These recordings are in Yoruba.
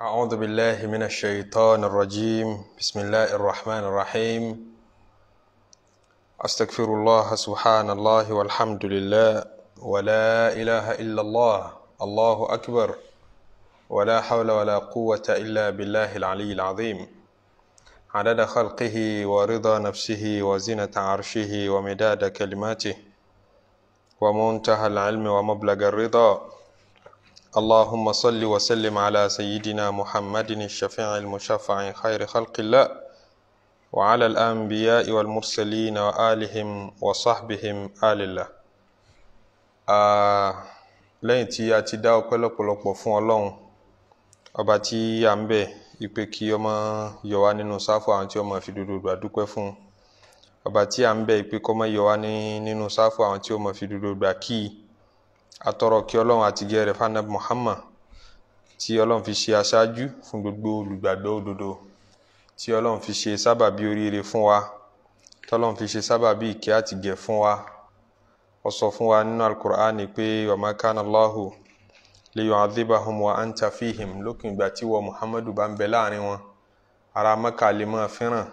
أعوذ بالله من الشيطان الرجيم بسم الله الرحمن الرحيم أستغفر الله سبحان الله والحمد لله ولا إله إلا الله الله أكبر ولا حول ولا قوة إلا بالله العلي العظيم عدد خلقه ورضا نفسه وزنة عرشه ومداد كلماته ومنتهى العلم ومبلغ الرضا اللهم صل وسلم على سيدنا محمد الشفيع المشفع خير خلق الله وعلى الأنبياء والمرسلين وآلهم وصحبهم آل الله lẹ́yìn tí a ti dá ọpẹ́ lọ́pọ̀lọpọ̀ fún ọlọ́run ọba tí a ń bẹ̀ ipe kí ọmọ yọ wá nínú sáfù àwọn tí ọmọ fi dúdú gbà dúpẹ́ fún ọba tí a ń bẹ̀ ipe kọ́mọ yọ wá nínú sáfù àwọn tí ọmọ fi dúdú gbà kíi atọrọ kí ọlọ́run àti gẹrẹ fanab Muhammad tí ọlọ́run fi ṣe aṣáájú fún gbogbo olùgbàgbọ́ òdodo tí ọlọ́run fi ṣe sábàbí oríire fún wa tọ́lọ́run fi ṣe sábàbí ìkẹ́ àti gẹ̀ fún wa ó sọ fún wa nínú alukur'ani pé wàmà kánà Allahu liyu'adhibahum wa anta fihim lókun ìgbà tí wọ Muhammadu bá ń bẹ láàrin wọn ara Mẹ́kà lè máa fẹ́ràn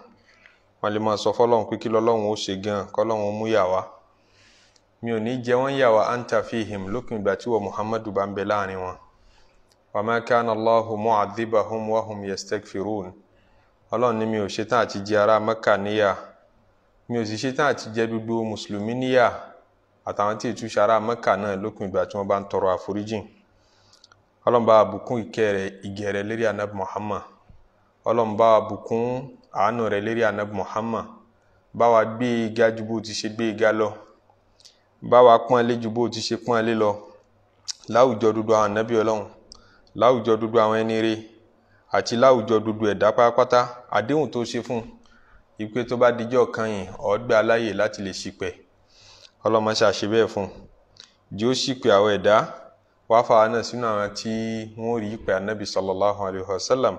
wọn lè máa sọ fọ́lọ́run pé kí lọ́lọ́run ó ṣe gan kọ́lọ́run ó múyà wá mi ò ní jẹ wọ́n yà wá anta fihim lókun ìgbà tí wọ́n muhammadu bá ń bẹ láàrin wọn wa ma kana Allahu mu'adhibahum wa hum yastaghfirun ọlọ́run ni mi ò ṣetán àti jẹ ará mẹ́kà níyà mi ò sì ṣetán àti jẹ gbogbo mùsùlùmí níyà àtàwọn tí ìtúṣe ará mẹ́kà náà lókun ìgbà tí wọ́n bá ń tọrọ àforíjìn ọlọ́run bá bùkún ìkẹ́ rẹ̀ ìgẹ̀ rẹ̀ muhammad ọlọ́run bá bùkún àánú rẹ̀ lérí anabi muhammad bá gbé e ga ju bó ti ṣe gbé e ga lọ bá wa pọ́nlé ju bó ti ṣe pọ́nlé lọ láwùjọ dúdú àwọn ànábì ọlọ́run láwùjọ dúdú àwọn ẹni rè àti láwùjọ dúdú ẹ̀dá pátápátá àdéhùn tó ṣe fún ipe tó bá dijọ́ kan yìí ọ̀ọ́gbà aláyè láti lè ṣìpẹ̀ ọlọ́mọṣà ṣe bẹ́ẹ̀ fún jí ó ṣìpẹ̀ àwọn ẹ̀dá wá fàá náà sínú àwọn tí wọ́n rí ìpè ànábì sallallahu alayhi wa sallam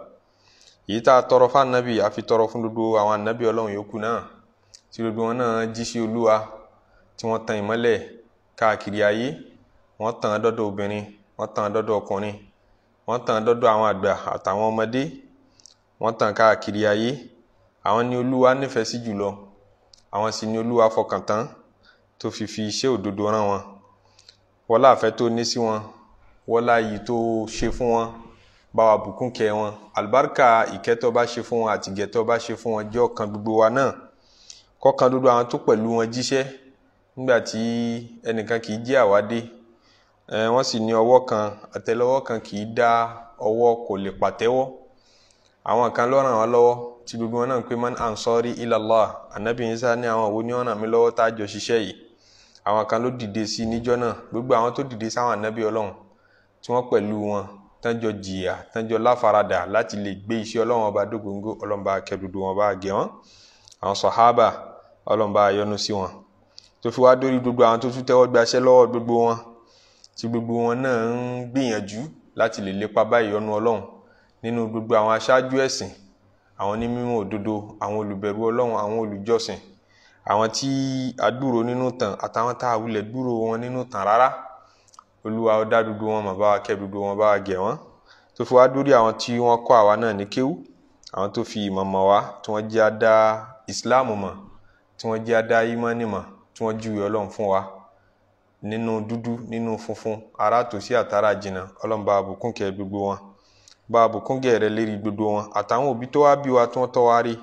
èyí tá a tọrọ fún ànábì àfi tọrọ fún gbogbo àwọn ànábì ọlọ́run yòókù náà tí gbogbo wọn náà jíṣẹ́ olúwa tí wọ́n tan ìmọ́lẹ̀ káàkiri ayé wọ́n tan dọ́dọ̀ obìnrin wọ́n tan dọ́dọ̀ ọkùnrin wọ́n tan dọ́dọ̀ àwọn àgbà àtàwọn ọmọdé wọ́n tan káàkiri ayé àwọn ni olúwa nífẹ̀ẹ́ sí jùlọ àwọn sì ni olúwa fọkàn tán tó fi fi iṣẹ́ òdodo rán wọn wọlá àfẹ́ tó ní sí wọn wọlá yìí tó ṣe fún wọn bá wa bùkún kẹ́ wọn àlùbáríkà ìkẹ́tọ́ bá ṣe fún wọn àtìgẹ́tọ́ bá ṣe fún wọn jẹ́ ọkàn gbogbo wa náà kọ́kàn dodo àwọn tó pẹ̀lú wọn jíṣẹ́ nígbà tí ẹnìkan kì í jẹ́ àwádé wọ́n sì ní ọwọ́ kan àtẹ́lẹwọ́ kan kì í dá ọwọ́ kò lè pàtẹ́wọ́ àwọn kan ló ràn wá lọ́wọ́ tí gbogbo wọn náà ń pè man ansori ilallah anabi isa ní àwọn òwò ní ọ̀nà mi lọ́wọ́ tá a jọ ṣiṣẹ́ yìí àwọn kan ló dìde sí i níjọ́ náà gbogbo àwọn tó dìde sáwọn anabi ọlọ́run tí wọ́n pẹ̀lú wọn tánjọ jìyà tánjọ láfaradà láti lè gbé iṣẹ́ ọlọ́run ọba dógóńgó ọlọ́run bá kẹdùdù wọn bá gẹ wọn àwọn sàhábà ọlọ́run bá yọ́nú sí wọn tó fi wá dórí gbogbo àwọn tó tún tẹ́wọ́ gbaṣẹ́ lọ́wọ́ gbogbo wọn tí gbogbo wọn náà ń gbìyànjú láti lè lépa báyìí ọnu ọlọ́run nínú gbogbo àwọn aṣáájú ẹ̀sìn àwọn ní mímọ̀ òdodo àwọn olùbẹ̀rù ọlọ́run àwọn olùjọ́sìn àwọn tí a gbúrò nínú tàn àtàwọn tá a wulẹ̀ gbúrò wọn nínú tàn rárá olúwa ó dá gbogbo wọn mà bá wa kẹ́ gbogbo wọn bá wa gẹ̀ wọ́n tó fi wá dórí àwọn tí wọ́n kọ́ àwa náà ní kéwú àwọn tó fi ìmọ̀ mọ̀ wá tí wọ́n jẹ́ adá ìsìláàmù mọ̀ tí wọ́n jẹ́ adá ìmánì mọ̀ tí wọ́n júwe ọlọ́run fún wa nínú dúdú nínú funfun ará tòsí àtàrà jìnnà ọlọ́run bá àbùkún kẹ́ gbogbo wọn bá àbùkún gẹ̀ rẹ lérí gbogbo wọn àtàwọn òbí tó wá bí wa tí wọ́n tọ́ wa rí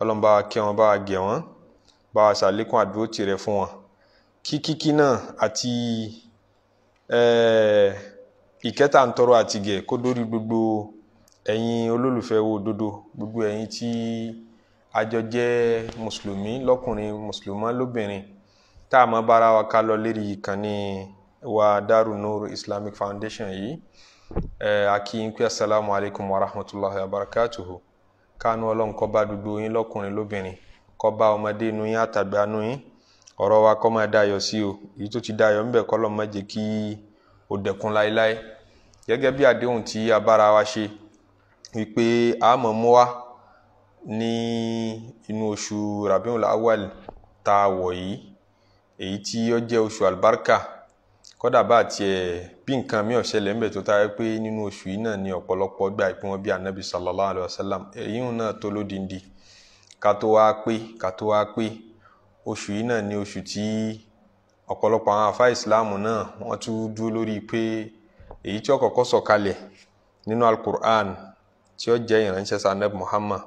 ọlọ́run bá wa kẹ́ wọn bá wa gẹ̀ wọ́n bá wa ṣàlékún àdúró tirẹ̀ fún wọn kíkíkí náà àti eh, ìkẹta ń tọrọ àtìgẹ̀ kó dórí gbogbo ẹ̀yin olólùfẹ́ wo òdodo gbogbo ẹ̀yin tí a jẹ́ mùsùlùmí lọ́kùnrin mùsùlùmá lóbìnrin tá a mọ bára wa ká lọ lérí ìkànnì wa Daru Noor Islamic Foundation yìí a kí yín pé asalaamu alaykum wa rahmatulahi wa barakatuhu kánú ọlọ́run kó bá gbogbo yín lọ́kùnrin lóbìnrin kó bá ọmọdé inú yín àtàgbà inú yín ọ̀rọ̀ wa kó máa dayọ̀ sí o èyí tó ti dayọ̀ ńbẹ̀ kọ́ lọ́ọ́ má jẹ́ kí ó dẹ̀kun láéláé gẹ́gẹ́ bí àdéhùn tí a bára wa ṣe wípé a mọ̀ mú wa ní inú oṣù rabiul awal tá a wọ̀ yìí èyí tí ó jẹ́ oṣù àlùbáríkà kódà bá tiẹ̀ bí nǹkan mi ò ṣẹlẹ̀ ńbẹ̀ tó táyé pé nínú oṣù yìí náà ni ọ̀pọ̀lọpọ̀ gbà pé wọ́n bí anabi sallallahu alayhi wa sallam èyí náà tó lódindi ká tó wá pé ká tó wá pé oṣù yìí náà ni oṣù tí ọ̀pọ̀lọpọ̀ àwọn afá ìsìláàmù náà wọ́n tún dúró lórí pé èyí tí ó kọ́kọ́ sọ̀kalẹ̀ nínú alukur'an tí ó jẹ́ ìránṣẹ́ sanab muhammad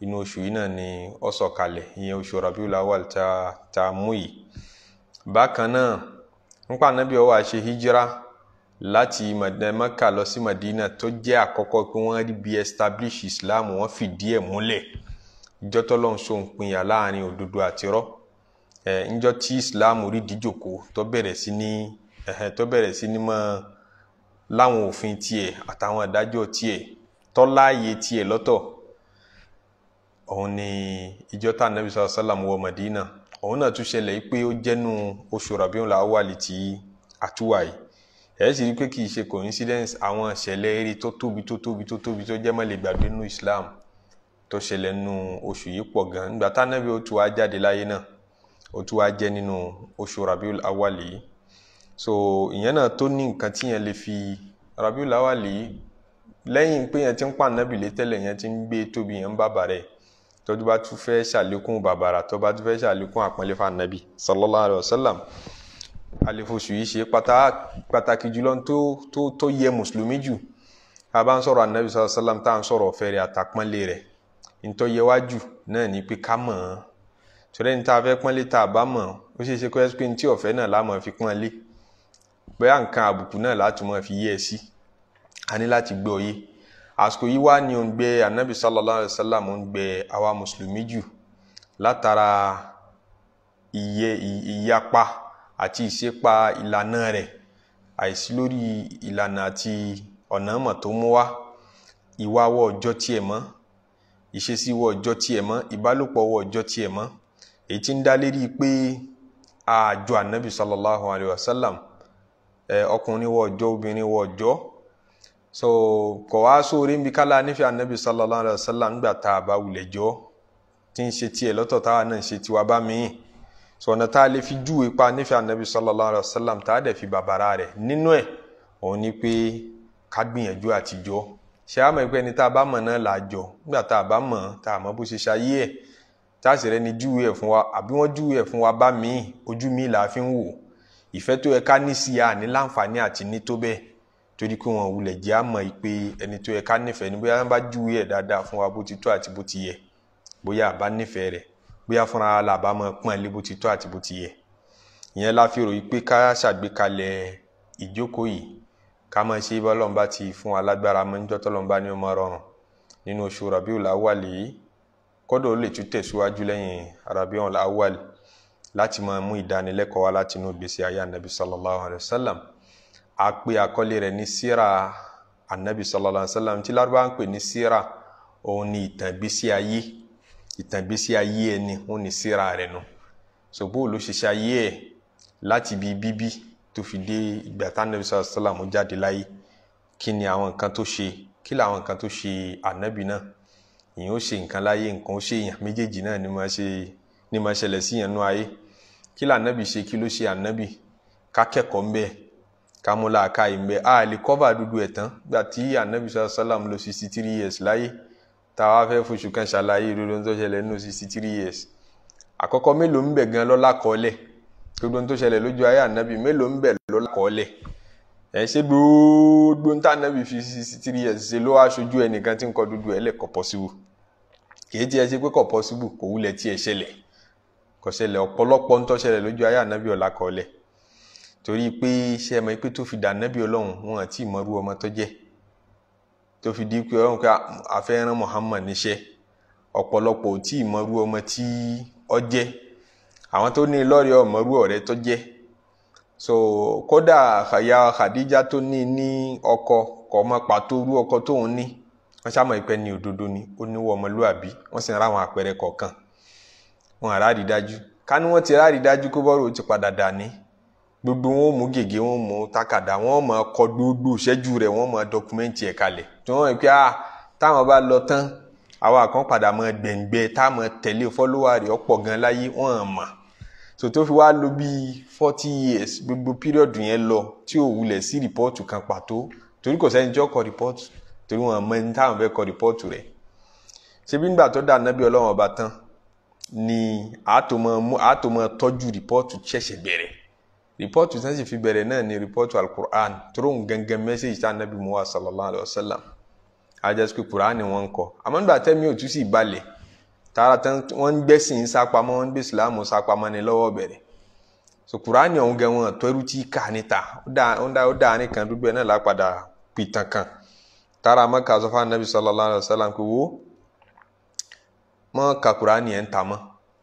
inú oṣù yìí náà ni ó sọ̀kalẹ̀ ìyẹn oṣù ula Awwal tá tá mú yìí bákan náà nípa anábì ó hijira láti lọ sí Madina tó je àkọ́kọ́ pé won bí establish Islam won fìdí die múlẹ̀ ìjọ tọ́lọ́ ń so ìpínyà láàrin òdodo àtirọ́ tí Islam rí díjòkó tó bẹ̀rẹ̀ sí ní tó bẹ̀rẹ̀ sí ní máa láwọn òfin àtàwọn òun ni ìjọ tá ànábì sọ sálàmù wọ Madina òun náà tún ṣẹlẹ̀ pé ó jẹ́nu oṣù rabiul awal tí àtúwà yìí ẹ̀ sì rí pé kì í ṣe coincidence àwọn ìṣẹ̀lẹ̀ eré tó tóbi tó tóbi tó tóbi tó jẹ́ má gbàgbé nínú Islam tó ṣẹlẹ̀ nínú oṣù yìí pọ̀ gan nígbà tá ànábì ó tún wá jáde láyé náà ó tún wá jẹ́ nínú oṣù rabiul awal yìí so ìyẹn náà tó ní nǹkan tí yẹn lè fi rabiul awal yìí lẹ́yìn pé yẹn ti ń pa lé tẹ́lẹ̀ yẹn ti ń gbé tóbi yẹn ń bàbà rẹ̀ tọ́jú bá tún fẹ́ ṣàlékún bàbàrà tó bá tún fẹ́ ṣàlékún àpọ́nlé fànàbì sallallahu alayhi wa sallam àlefoṣù yìí ṣe pàtàkì jùlọ tó yẹ mùsùlùmí jù a bá ń sọ̀rọ̀ ànàbì sallallahu alayhi wa sallam tá à ń sọ̀rọ̀ ọ̀fẹ́ rẹ̀ àtàpọ́nlé rẹ̀ ntọ́ yẹ wá jù náà ní pé ká mọ̀ ọ́n torí ní ta fẹ́ pọ́nlé tá a bá mọ̀ ó ṣeé ṣe kó ẹ́sì pé ní tí ọ̀fẹ́ náà lámọ̀ fi pọ́nlé bóyá nǹkan àbùkù náà látùmọ̀ fi yé ẹ sí a ní láti gbé òye àsìkò yìí wá ní òǹgbẹ anabi sallallahu alayhi wa sallam òǹgbẹ àwa mùsùlùmí jù látara iye ìyapa àti ìṣepa ìlànà rẹ̀ àìsí lórí ìlànà àti ọ̀nà mọ̀ tó mú wá ìwà wọ ọjọ́ tiẹ̀ mọ́ ìṣesí wọ ọjọ́ tiẹ̀ mọ́ ìbálòpọ̀ wọ ọjọ́ tiẹ̀ mọ́ èyí tí ń dá lérí pé àjọ anabi sallallahu alayhi wa sallam ọkùnrin wọ ọjọ́ obìnrin wọ ọjọ́ so kò wá sóore ń bi kálá nífẹ̀ẹ́ anabi sallallahu alayhi wa sallam nígbà tá a bá wulẹ̀ jọ tí ń ṣe tiẹ̀ lọ́tọ̀ táwa náà ń ṣe tiwa bá mi so ọ̀nà tá a lè fi júwe pa nífẹ̀ẹ́ anabi sallallahu alayhi wa sallam tá a dẹ̀ fi bàbàrà rẹ̀ nínú ẹ̀ òun ni pé ká gbìyànjú àtijọ́ ṣe àmọ́ ìpẹ́ ni tá a bá mọ̀ náà là á jọ nígbà tá a bá mọ̀ tá a mọ̀ bó ṣe ṣayé ẹ̀ tá a sì rẹ́ni júwe ẹ̀ fún wa àbí torí pé wọn wulẹ̀ jẹ́ àmọ́ pé ẹni tó yẹ ká nífẹ̀ẹ́ ni bóyá wọn bá júwe ẹ̀ dáadáa fún wa bó ti tó àti bó ti yẹ bóyá àbá nífẹ̀ẹ́ rẹ̀ bóyá fúnra la bá mọ pọ́n ilé bó ti tó àti bó ti yẹ ìyẹn la fi ròyìn pé ká ṣàgbékalẹ̀ ìjókòó yìí ká máa ṣe bá ọlọ́run bá ti fún wa lágbára mọ́ níjọ́ tọ́lọ́run bá ní ọmọ rọrùn nínú oṣù rabiul awal kọ́dọ̀ ó lè tún tẹ̀síwájú lẹ́yìn rabiul awal láti máa mú ìdánilẹ́kọ̀ọ́ wa látinú ìgbésí ayé anabi sallallahu alayhi wa sallam a pe àkọlé rẹ̀ ní síra anabi sallallahu alaihi wasallam tí ń pè ní síra òun ni ìtànbísí ayé ìtànbísí ayé ẹni òun ni síra rẹ̀ nù ṣògbó ló ṣiṣẹ́ ayé ẹ̀ láti ibi bíbí tó fi dé ìgbà tá anabi sallallahu alaihi wasallam jáde láyé kí ni àwọn nǹkan tó ṣe kí làwọn nǹkan tó ṣe anabi náà ìyẹn ó ṣe nǹkan láyé nǹkan ó ṣe èèyàn méjèèjì náà ni máa ṣe ni máa ṣẹlẹ̀ sí yẹn nú ayé kí lànàbì ṣe kí ló ṣe ànàbì kákẹ́kọ̀ọ́ ń Kamula ká ìgbẹ a lè kọ́fà dúdú ẹ̀ tán gbà tí anabi sọ sálàm lò sixty three years láyé tá a wá fẹ́ foṣù kan ṣàlàyé dodo tó ṣẹlẹ̀ nínú sixty three years àkọ́kọ́ mélòó ń bẹ gan lọ́lá kọ́ọ́lẹ̀ dodo tó ṣẹlẹ̀ lójú ayé anabi mélòó ń bẹ lọ́lá kọ́ọ́lẹ̀ ẹ̀ ṣe gbogbo ń tà anabi fi sixty three years ṣe ló wá aṣojú ẹnìkan tí ń kọ dúdú ẹ̀ lẹ́kọ̀ọ́ pọ́síwò kì í tiẹ̀ ṣe pé kọ̀ pọ́síwò kò wúlẹ̀ tiẹ̀ ṣẹlẹ̀ kò ṣẹlẹ̀ ọ̀pọ̀lọpọ̀ tó ṣẹlẹ̀ lójú ayé anabi ọ̀lá kọ́ọ́lẹ̀ torí pé ṣe é mọ̀ pé tó fi dà nábì ọlọ́run wọn àti ìmọ̀rú ọmọ tó jẹ́ tó fi di pé ọlọ́run ká afẹ́ràn Muhammad níṣẹ́ ọ̀pọ̀lọpọ̀ tí ìmọ̀rú ọmọ tí ọ jẹ́ àwọn tó ní lọ́rẹ̀ ọmọrú ọ̀rẹ́ tó jẹ́ so kódà àyà Khadija tó ní ní ọkọ kò mọ pàtó irú ọkọ tóun ní wọn ṣàmọ ìpẹ ní òdodo ni ó níwọ ọmọlúàbí wọn sì ń ráwọn àpẹẹrẹ kọ̀ọ̀kan wọn àràrí dájú ká ní wọn ti rárí dájú kó bọ́rọ̀ ó ti padà dà ní gbogbo wọn mú gègé wọn mú takada wọn máa kọ gbogbo ìṣẹ́jú rẹ̀ wọn máa dọkumẹ́ntì ẹ̀ kalẹ̀ tí wọ́n pẹ́ à ah, táwọn bá lọ tán àwa kan mọ gbẹ̀ngbẹ́ táwọn tẹ̀lé fọ́lọ́wà rẹ̀ ọ̀pọ̀ gan láyé wọ́n mọ̀ so tó fi wá lò bíi forty years gbogbo pírọ̀dù yẹn lọ tí ò wulẹ̀ sí rìpọ́ọ̀tù kan pàtó torí kò sẹ́ni tí ó kọ rìpọ́ọ̀tù torí wọn mọ ẹni táwọn fẹ́ kọ rìpọ́ọ̀tù rẹ̀ ṣebí nígbà tó dà nábì ọlọ́wọ́n ọba tán ni àtòmọ̀ tọ́jú rìpọ́ọ̀tù ṣẹ̀ṣẹ̀ bẹ̀rẹ̀ rìpọ́tù tí wọ́n sì fi bẹ̀rẹ̀ náà ni rìpọ́tù alukur'an tóró ń gẹ́gẹ́ mẹ́sẹ̀jì tí anabi muwa sallallahu alayhi wa sallam ajásùkú kur'an wọ́n kọ àmọ́ nígbà tẹ́mi ò tún sì balẹ̀ tààrà tán wọ́n ń gbẹ́sìn sápamọ́ wọ́n ń gbé sìláàmù sápamọ́ ni lọ́wọ́ bẹ̀rẹ̀ so kur'an ọ̀hún gẹ́ wọn tọ́rú tí ká níta ó dáa ní kan dúgbẹ́ náà lápadà pìtàn kan tààrà mọ́ka sọ anabi sallallahu alaihi wa sallam pé wo mọ́ ka kur'an yẹn ń ta mọ́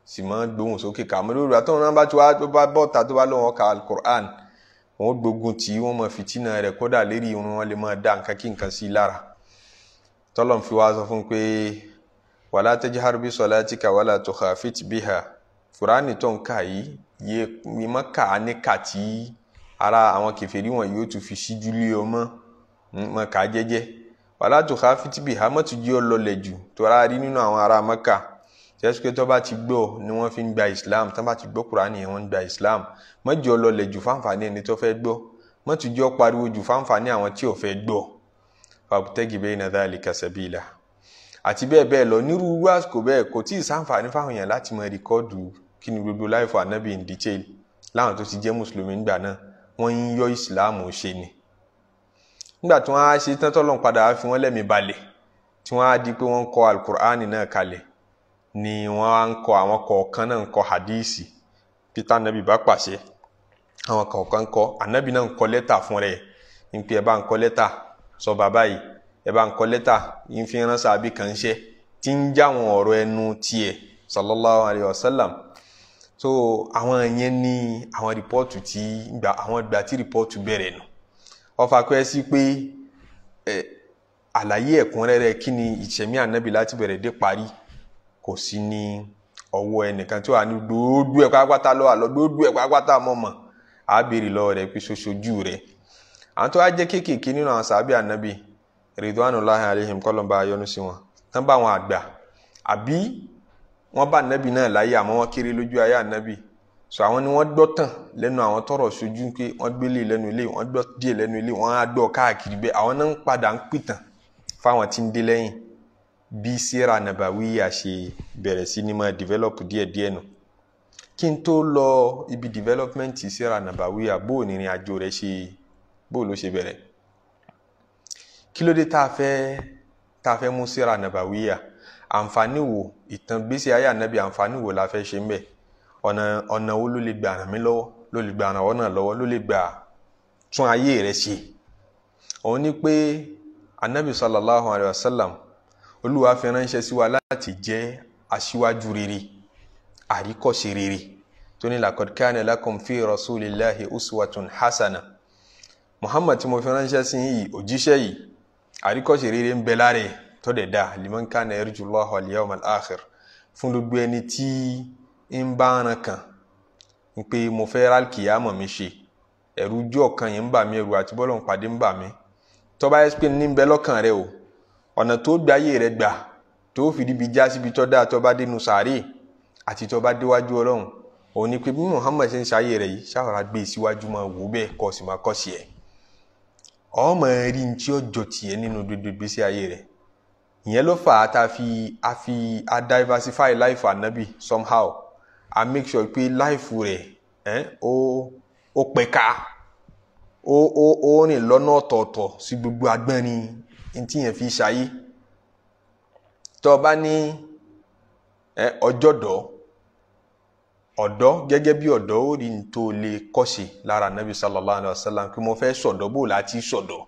sì máa ń gbóhùn sókè kà mọ́ lórí àtọ́wọn náà bá tó wá tó bá bọ́ta tó bá lọ́wọ́ ka alukur'an wọn gbógun tí wọn mọ fìtínà rẹ̀ kódà lérí irun wọn lè máa dá nǹkan kí nǹkan sí i lára tọ́lọ̀ ń fi wá sọ fún pé wala tajhar bi salatika wala tukhafit biha fúránì tó ń kà yìí yé ni má kà á ní kà tí ara àwọn kèfèrí wọn yóò tún fi síjú lé ọ mọ́ mọ́ hmm, kà á jẹ́jẹ́ wala tukhafit biha mọ́tò jí ọ lọlẹ̀ jù tó ara nínú àwọn ará Mẹ́kà tẹ́síkẹ́ tó bá ti gbọ́ ni wọ́n fi ń gba islam tó bá ti gbọ́ kúránì yẹn wọ́n ń gba islam mọ́jì ọlọlẹ̀ jù fáǹfààní ẹni tó fẹ́ gbọ́ mọ́tì jọ pariwo jù fáǹfààní àwọn tí ò fẹ́ gbọ́ fàbùtẹ́gì bẹ́ẹ̀ náà dáàlì kàṣẹ́bìlà àti bẹ́ẹ̀ bẹ́ẹ̀ lọ nírú irú àsìkò bẹ́ẹ̀ kò tí ì sáǹfààní fáwọn èèyàn láti mọ rìkọ́ọ̀dù kí ni gbogbo láìfọ ànábì in detail láwọn tó ti jẹ́ mùsùlùmí ńgbà náà wọ́n ń yọ ìsìláàmù ṣe ni nígbà tí wọ́n á ṣe tán tọ́lọ́n padà á fi wọ́n lẹ́mìí balẹ̀ tí wọ́n á di pé wọ́n kọ alukur'ani náà kalẹ̀ ni wọ́n ń kọ àwọn kọ̀ọ̀kan náà ń kọ hadisi peter anabi bá pàṣẹ àwọn kọ̀ọ̀kan kọ anabi náà kọ lẹ́tà fún rẹ ń pè ẹ bá lẹ́tà sọ bàbá yìí ẹ bá ń kọ lẹ́tà fi ránṣẹ́ àbí kàn ṣe tí ń jáwọn ẹnu tiẹ̀ sallallahu alayhi wa sallam àwọn yẹn ní àwọn rìpọ́ọ̀tù tí àwọn rìpọ́ọ̀tù bẹ̀rẹ̀ nù ọfà pẹ́ sí pé àlàyé kò sí ní ọwọ́ ẹnìkan tí wà ní dòódú ẹ̀ pátápátá lọ́wọ́ àlọ́ dòódú ẹ̀ pátápátá mọ̀mọ̀ á béèrè lọ́wọ́ rẹ̀ pé ṣoṣojú rẹ̀ àwọn tó wá jẹ́ kéékèèké nínú àwọn sàbí ànábì sí wọn tán bá àgbà àbí so àwọn ni tọrọ ṣojú pé gbélé ilé ilé á káàkiri àwọn náà ń padà ń bí sira nabawiya ṣe bẹ̀rẹ̀ sí ni máa develop díẹ̀díẹ̀ nù kí n tó lọ ibi development sira nabawiya bó onírìn àjò rẹ̀ ṣe bó ló ṣe bẹ̀rẹ̀ kí ló dé tá a fẹ́ tá a fẹ́ mú sira nabawiya àǹfààní wo ìtàn gbèsè ayé ànábì àǹfààní wo la fẹ́ ṣe ń bẹ̀ ọ̀nà ọ̀nà wo ló lè gbà ràn mí lọ́wọ́ ló lè gbà ràn wọ́n náà lọ́wọ́ ló lè gbà tún ayé rẹ̀ ṣe òun ni pé ànábì sallallahu alayhi wa sallam olúwa fi ránṣẹ́ sí wa láti jẹ́ aṣíwájú rere àríkọ́ṣe rere tó ní laqad kana lakum fi rasulillahi uswatun hasana muhammad tí mo fi ránṣẹ́ sí yìí òjíṣẹ́ yìí àríkọ́ṣe rere ń bẹ lára tó dẹ̀ dáa liman kana yarjullaha wal yawmal akhir fún gbogbo ẹni tí ń bá ran kan pé mo fẹ́ rálkìyàmọ̀ mi ṣe ẹ̀rù ojú ọ̀kan yìí ń bà mí ẹ̀rù àti bọ́lọ̀ ń pàdé ń bà mí tó bá pé ní ń bẹ lọ́kàn rẹ o ọ̀nà tó gbáyé rẹ gbà tó fi níbi já síbi tó dáa tó bá dénú sàárè àti tó bá déwájú ọlọ́run òun ni pé bí Muhammad ṣe ń ṣayé rẹ yìí ṣàwárà gbé e síwájú máa wò bẹ́ẹ̀ kọ́ sì máa kọ́ sí ẹ̀ ọmọ rí ní tí ó jọ tiẹ̀ nínú gbogbo ìgbésí ayé rẹ̀ ìyẹn ló fà á tá a fi a fi a diversify life anabi somehow a make sure pé life rẹ̀ ẹ̀ ó ó pẹ̀ka ó ó ó rìn lọ́nà ọ̀tọ̀ọ̀tọ̀ sí gbogbo agbọ́nrin ntí yẹn fi ṣayé tó o bá ní ẹ ọjọ́dọ̀ ọ̀dọ́ gẹ́gẹ́ bí ọ̀dọ́ ó rí tó lè kọ́ṣe lára nabi sallallahu alayhi wa sallam kí mo fẹ́ sọ̀dọ̀ bó láti sọ̀dọ̀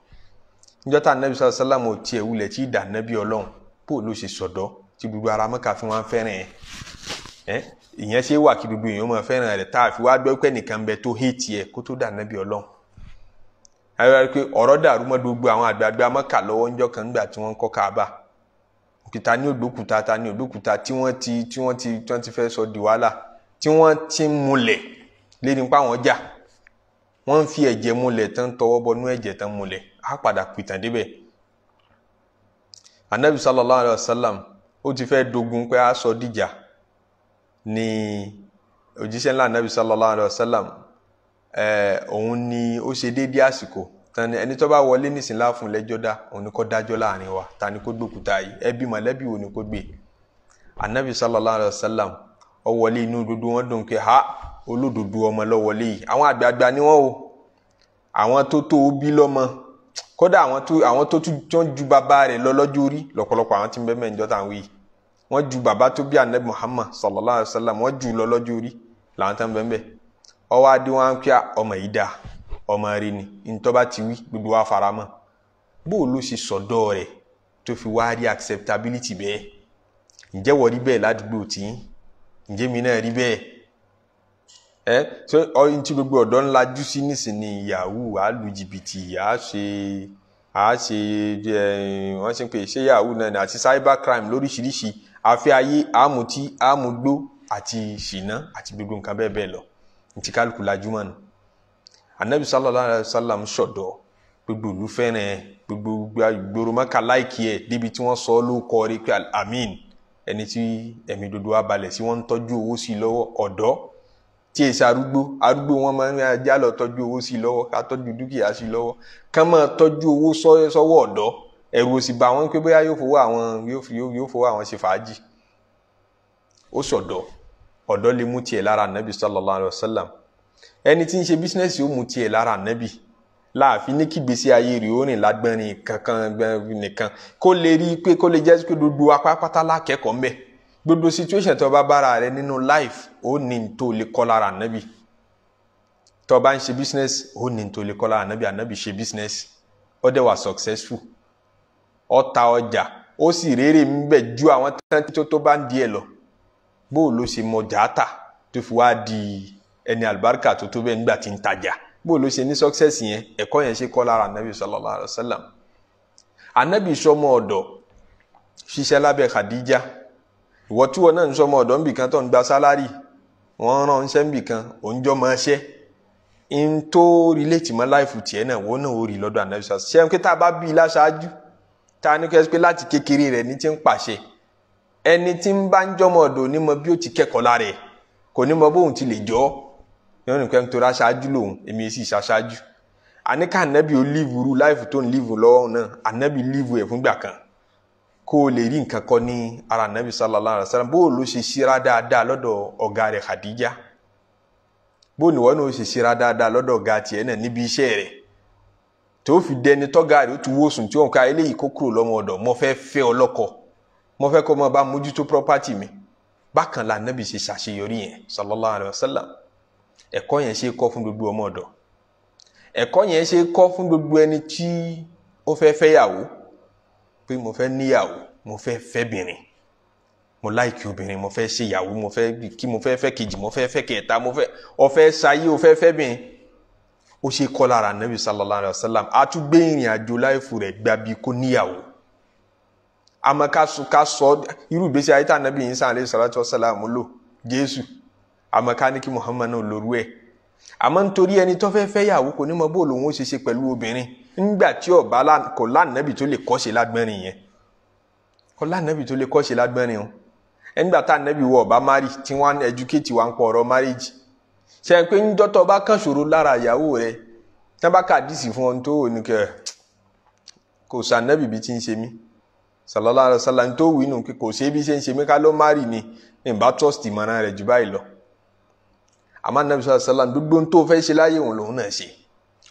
níjọ́ tá nabi sallallahu alayhi wa sallam ò tiẹ̀ wulẹ̀ tí dà nabi ọlọ́run bó ló ṣe sọ̀dọ̀ tí gbogbo ara mọ́ka fi wọ́n fẹ́ràn ẹ̀ ìyẹn ṣe wà kí gbogbo èèyàn máa fẹ́ràn rẹ̀ tá a fi wá gbọ́ nìkan bẹ tó hé tiẹ̀ kó tó dà nabi ọlọ́run ayọ̀ pé ọ̀rọ̀ dàrú mọ́ gbogbo àwọn àgbààgbà mọ́kà lọ́wọ́ kan nígbà tí wọ́n ń kọ́ kaaba òkúta ní òdòkúta ta ní òdòkúta tí wọ́n ti tí ti tí wọ́n ti fẹ́ sọ di wàhálà tí ti ń múlẹ̀ lé nípa fi ẹ̀jẹ̀ múlẹ̀ tán tọwọ́ bọnú ẹ̀jẹ̀ tán múlẹ̀ á padà pìtàn débẹ̀ anabi sallallahu alayhi wa sallam ó ti fẹ́ dogun pé a sọ dìjà ni òjíṣẹ́ Eh, òun ni ó ṣe déédéé àsìkò tani ẹni tó bá wọlé nísìnyí láàfún lẹ́jọ́ dá òun ni kó dájọ́ láàrin wa ta ni kó gbòkúta yìí ẹbí mọ̀lẹ́bí wo ni kó gbé anabi sallallahu alayhi wa sallam ó wọlé inú dodo wọn dùn pé ha olódodo ọmọ ló wọlé yìí àwọn àgbààgbà ni wọn o àwọn tó tó o bí lọ́mọ kódà àwọn tó àwọn tó tún jọ ju bàbá rẹ̀ lọ lọ́jọ́ orí lọ́pọ̀lọpọ̀ àwọn tí ń bẹ mẹjọ tá à ń wí wọn ju bàbá tó bí anabi muhammad sallallahu alayhi wa sallam wọn ju lọ lọ́jọ́ orí làwọn tá ń bẹ mẹjọ ọwọ́ adé wọn pé ah, ọmọ yìí dá ọmọ rẹ ni ntọ́ba ti gbogbo wa fara mọ́ bóòlù sì sọ̀dọ́ rẹ̀ tó fi wá rí acceptability bẹ́ẹ̀ ǹjẹ́ wọ́n rí bẹ́ẹ̀ ládùúgbò tí ǹjẹ́ mi náà rí bẹ́ẹ̀ ẹ ṣé ọyìn tí gbogbo ọ̀dọ́ ń lajú sí nísìnyí ìyàwó àlù jìbìtì àá ṣe àá ṣe ẹ wọ́n ṣe pé ṣé yahoo náà ni cyber crime lóríṣiríṣi àfi ayé àmutí àmugbó àti ṣìnà ati gbogbo nǹkan bẹ́ẹ̀ bẹ́ẹ̀ lọ ntí kálukú lajú mọ́nu anabi sallallahu alayhi wa sallam sọ̀dọ̀ gbogbo ìlú fẹ́ràn ẹ gbogbo ìgboro mọ́ka láìkí ẹ débi tí wọ́n sọ ọ́ ló kọ́ amin ẹni tí ẹ̀mí dodo wa balẹ̀ sí wọ́n ń tọ́jú owó sí i lọ́wọ́ ọ̀dọ́ tí èsì arúgbó arúgbó wọn máa ń ajá lọ tọ́jú owó sí i lọ́wọ́ ká tọ́jú dúkìá sí i lọ́wọ́ kán máa tọ́jú owó sọ́wọ́ ọ̀dọ́ ẹ̀rù òsì bá wọn pé bóyá yóò fowó ọ̀dọ́ lè mú tiẹ̀ lára ànábì sallallahu alayhi wa sallam ẹni tí ń ṣe bísínẹ́sì ó mú tiẹ̀ lára ànábì láàfin ní kí gbèsè ayé rẹ̀ ó rìn lágbọ́nrin kankan nìkan kó lè rí i pé kó lè jẹ́ pé gbogbo apápátá lákẹ́kọ̀ọ́ mbẹ́ gbogbo situation tó bá bára rẹ nínú life ó ní tó lè kọ́ lára ànábì tó bá ń ṣe business ó ní tó lè kọ́ lára ànábì ànábì ṣe business ó dẹ̀ wà successful ó ta ọjà ó sì rere ń bẹ̀ ju àwọn tó tó bá ń di ẹ̀ lọ bó o ló ṣe mọjà tà tó fi wá di ẹni àlùbáríkà tó tó bẹ́ẹ̀ nígbà tí ń tajà bó o ló ṣe ní success yẹn ẹ̀kọ́ yẹn ṣe kọ́ lára anabi sallallahu alayhi wa sallam anabi sọmọ ọ̀dọ̀ ṣiṣẹ́ lábẹ́ Khadija ìwọ tí wọn náà ń sọmọ ọ̀dọ̀ níbì kan tó ń gba sálárì wọn rán iṣẹ́ níbì kan òǹjọ́ máa ṣẹ́ n tó relate mọ́ láìfù tiẹ̀ náà wọn náà ó rí lọ́dọ̀ anabi sallallahu alayhi wa sallam tá a bá bí i láṣáájú tá a ní kẹ́sí ẹni tí ń bá ń jọmọ ọ̀dọ̀ ní mọ bí ó ti kẹ́kọ̀ọ́ lára ẹ̀ kò ní mọ bóun ti lè jọ yọnu nǹkan tó ra ṣáájú lòun èmi sì ṣaṣáájú àníkà ànábì ó líìvù rú láìfù tó ń líìvù lọ́wọ́ náà ànábì líìvù ẹ̀ fúngbà kan kó o lè rí nǹkan kọ́ ní ara ànábì sallallahu alaihi wasallam bó o ló ṣe ṣíra dáadáa lọ́dọ̀ ọ̀gá rẹ̀ Khadija bó ni wọ́n náà ṣe ṣíra dáadáa lọ́dọ̀ ọ̀gá tiẹ̀ náà níbi iṣẹ́ rẹ̀ tó fi dẹni tọ́gá rẹ̀ ó ti wọ́sùn tí òun ká eléyìí kó kúrò lọ́mọ ọ̀dọ̀ mọ́ fẹ́ fẹ́ ọlọ́kọ̀ọ́ mo fẹ́ kó mọ bá mójútó property mi bákan la nábì ṣe ṣàṣeyọrí yẹn sallallahu alayhi wa sallam ẹ̀kọ́ yẹn ṣe kọ́ fún gbogbo ọmọ ọ̀dọ́ ẹ̀kọ́ yẹn ṣe kọ́ fún gbogbo ẹni tí ó fẹ́ fẹ́yàwó pé mo fẹ́ níyàwó mo fẹ́ fẹ́bìnrin mo láìkí obìnrin mo fẹ́ ṣe ìyàwó mo fẹ́ kí mo fẹ́ fẹ́ kejì mo fẹ́ fẹ́ kẹta mo fẹ́ ọfẹ́ ṣayé o fẹ́ fẹ́bìnrin ó ṣe kọ́ lára nábì sallallahu alayhi wa sallam a tún gbé ìrìn àjò láìfù rẹ̀ gbàbí kó níyàwó àmọ́ ká sọ ká sọ irú ìgbésí ayé tá ànábì Ìsá alayhi lò Jésù àmọ́ Muhammad náà lòrú ẹni tó fẹ́ kò ní mọ bó lòun ó ṣe ṣe obìnrin nígbà tí ọba kò lánàbì tó lè kọ́ṣe lágbẹ́rin yẹn kò lánàbì tó lè kọ́ṣe o nígbà tá ànábì wọ ọba mari tí wọ́n educate wa pọ̀ ọ̀rọ̀ ṣe é pé bá kàn ṣòro lára ìyàwó tí bá kà fún ọ ní sallallahu alaihi wasallam tó wí nù kò ṣe bí ṣe ń ṣe mí ká ló má rì ni ìbá trust ìmọ̀ràn rẹ̀ jù báyìí lọ àmọ́ nàbí sallallahu alaihi wasallam gbogbo tó fẹ́ ṣe láyé òun lòun náà ṣe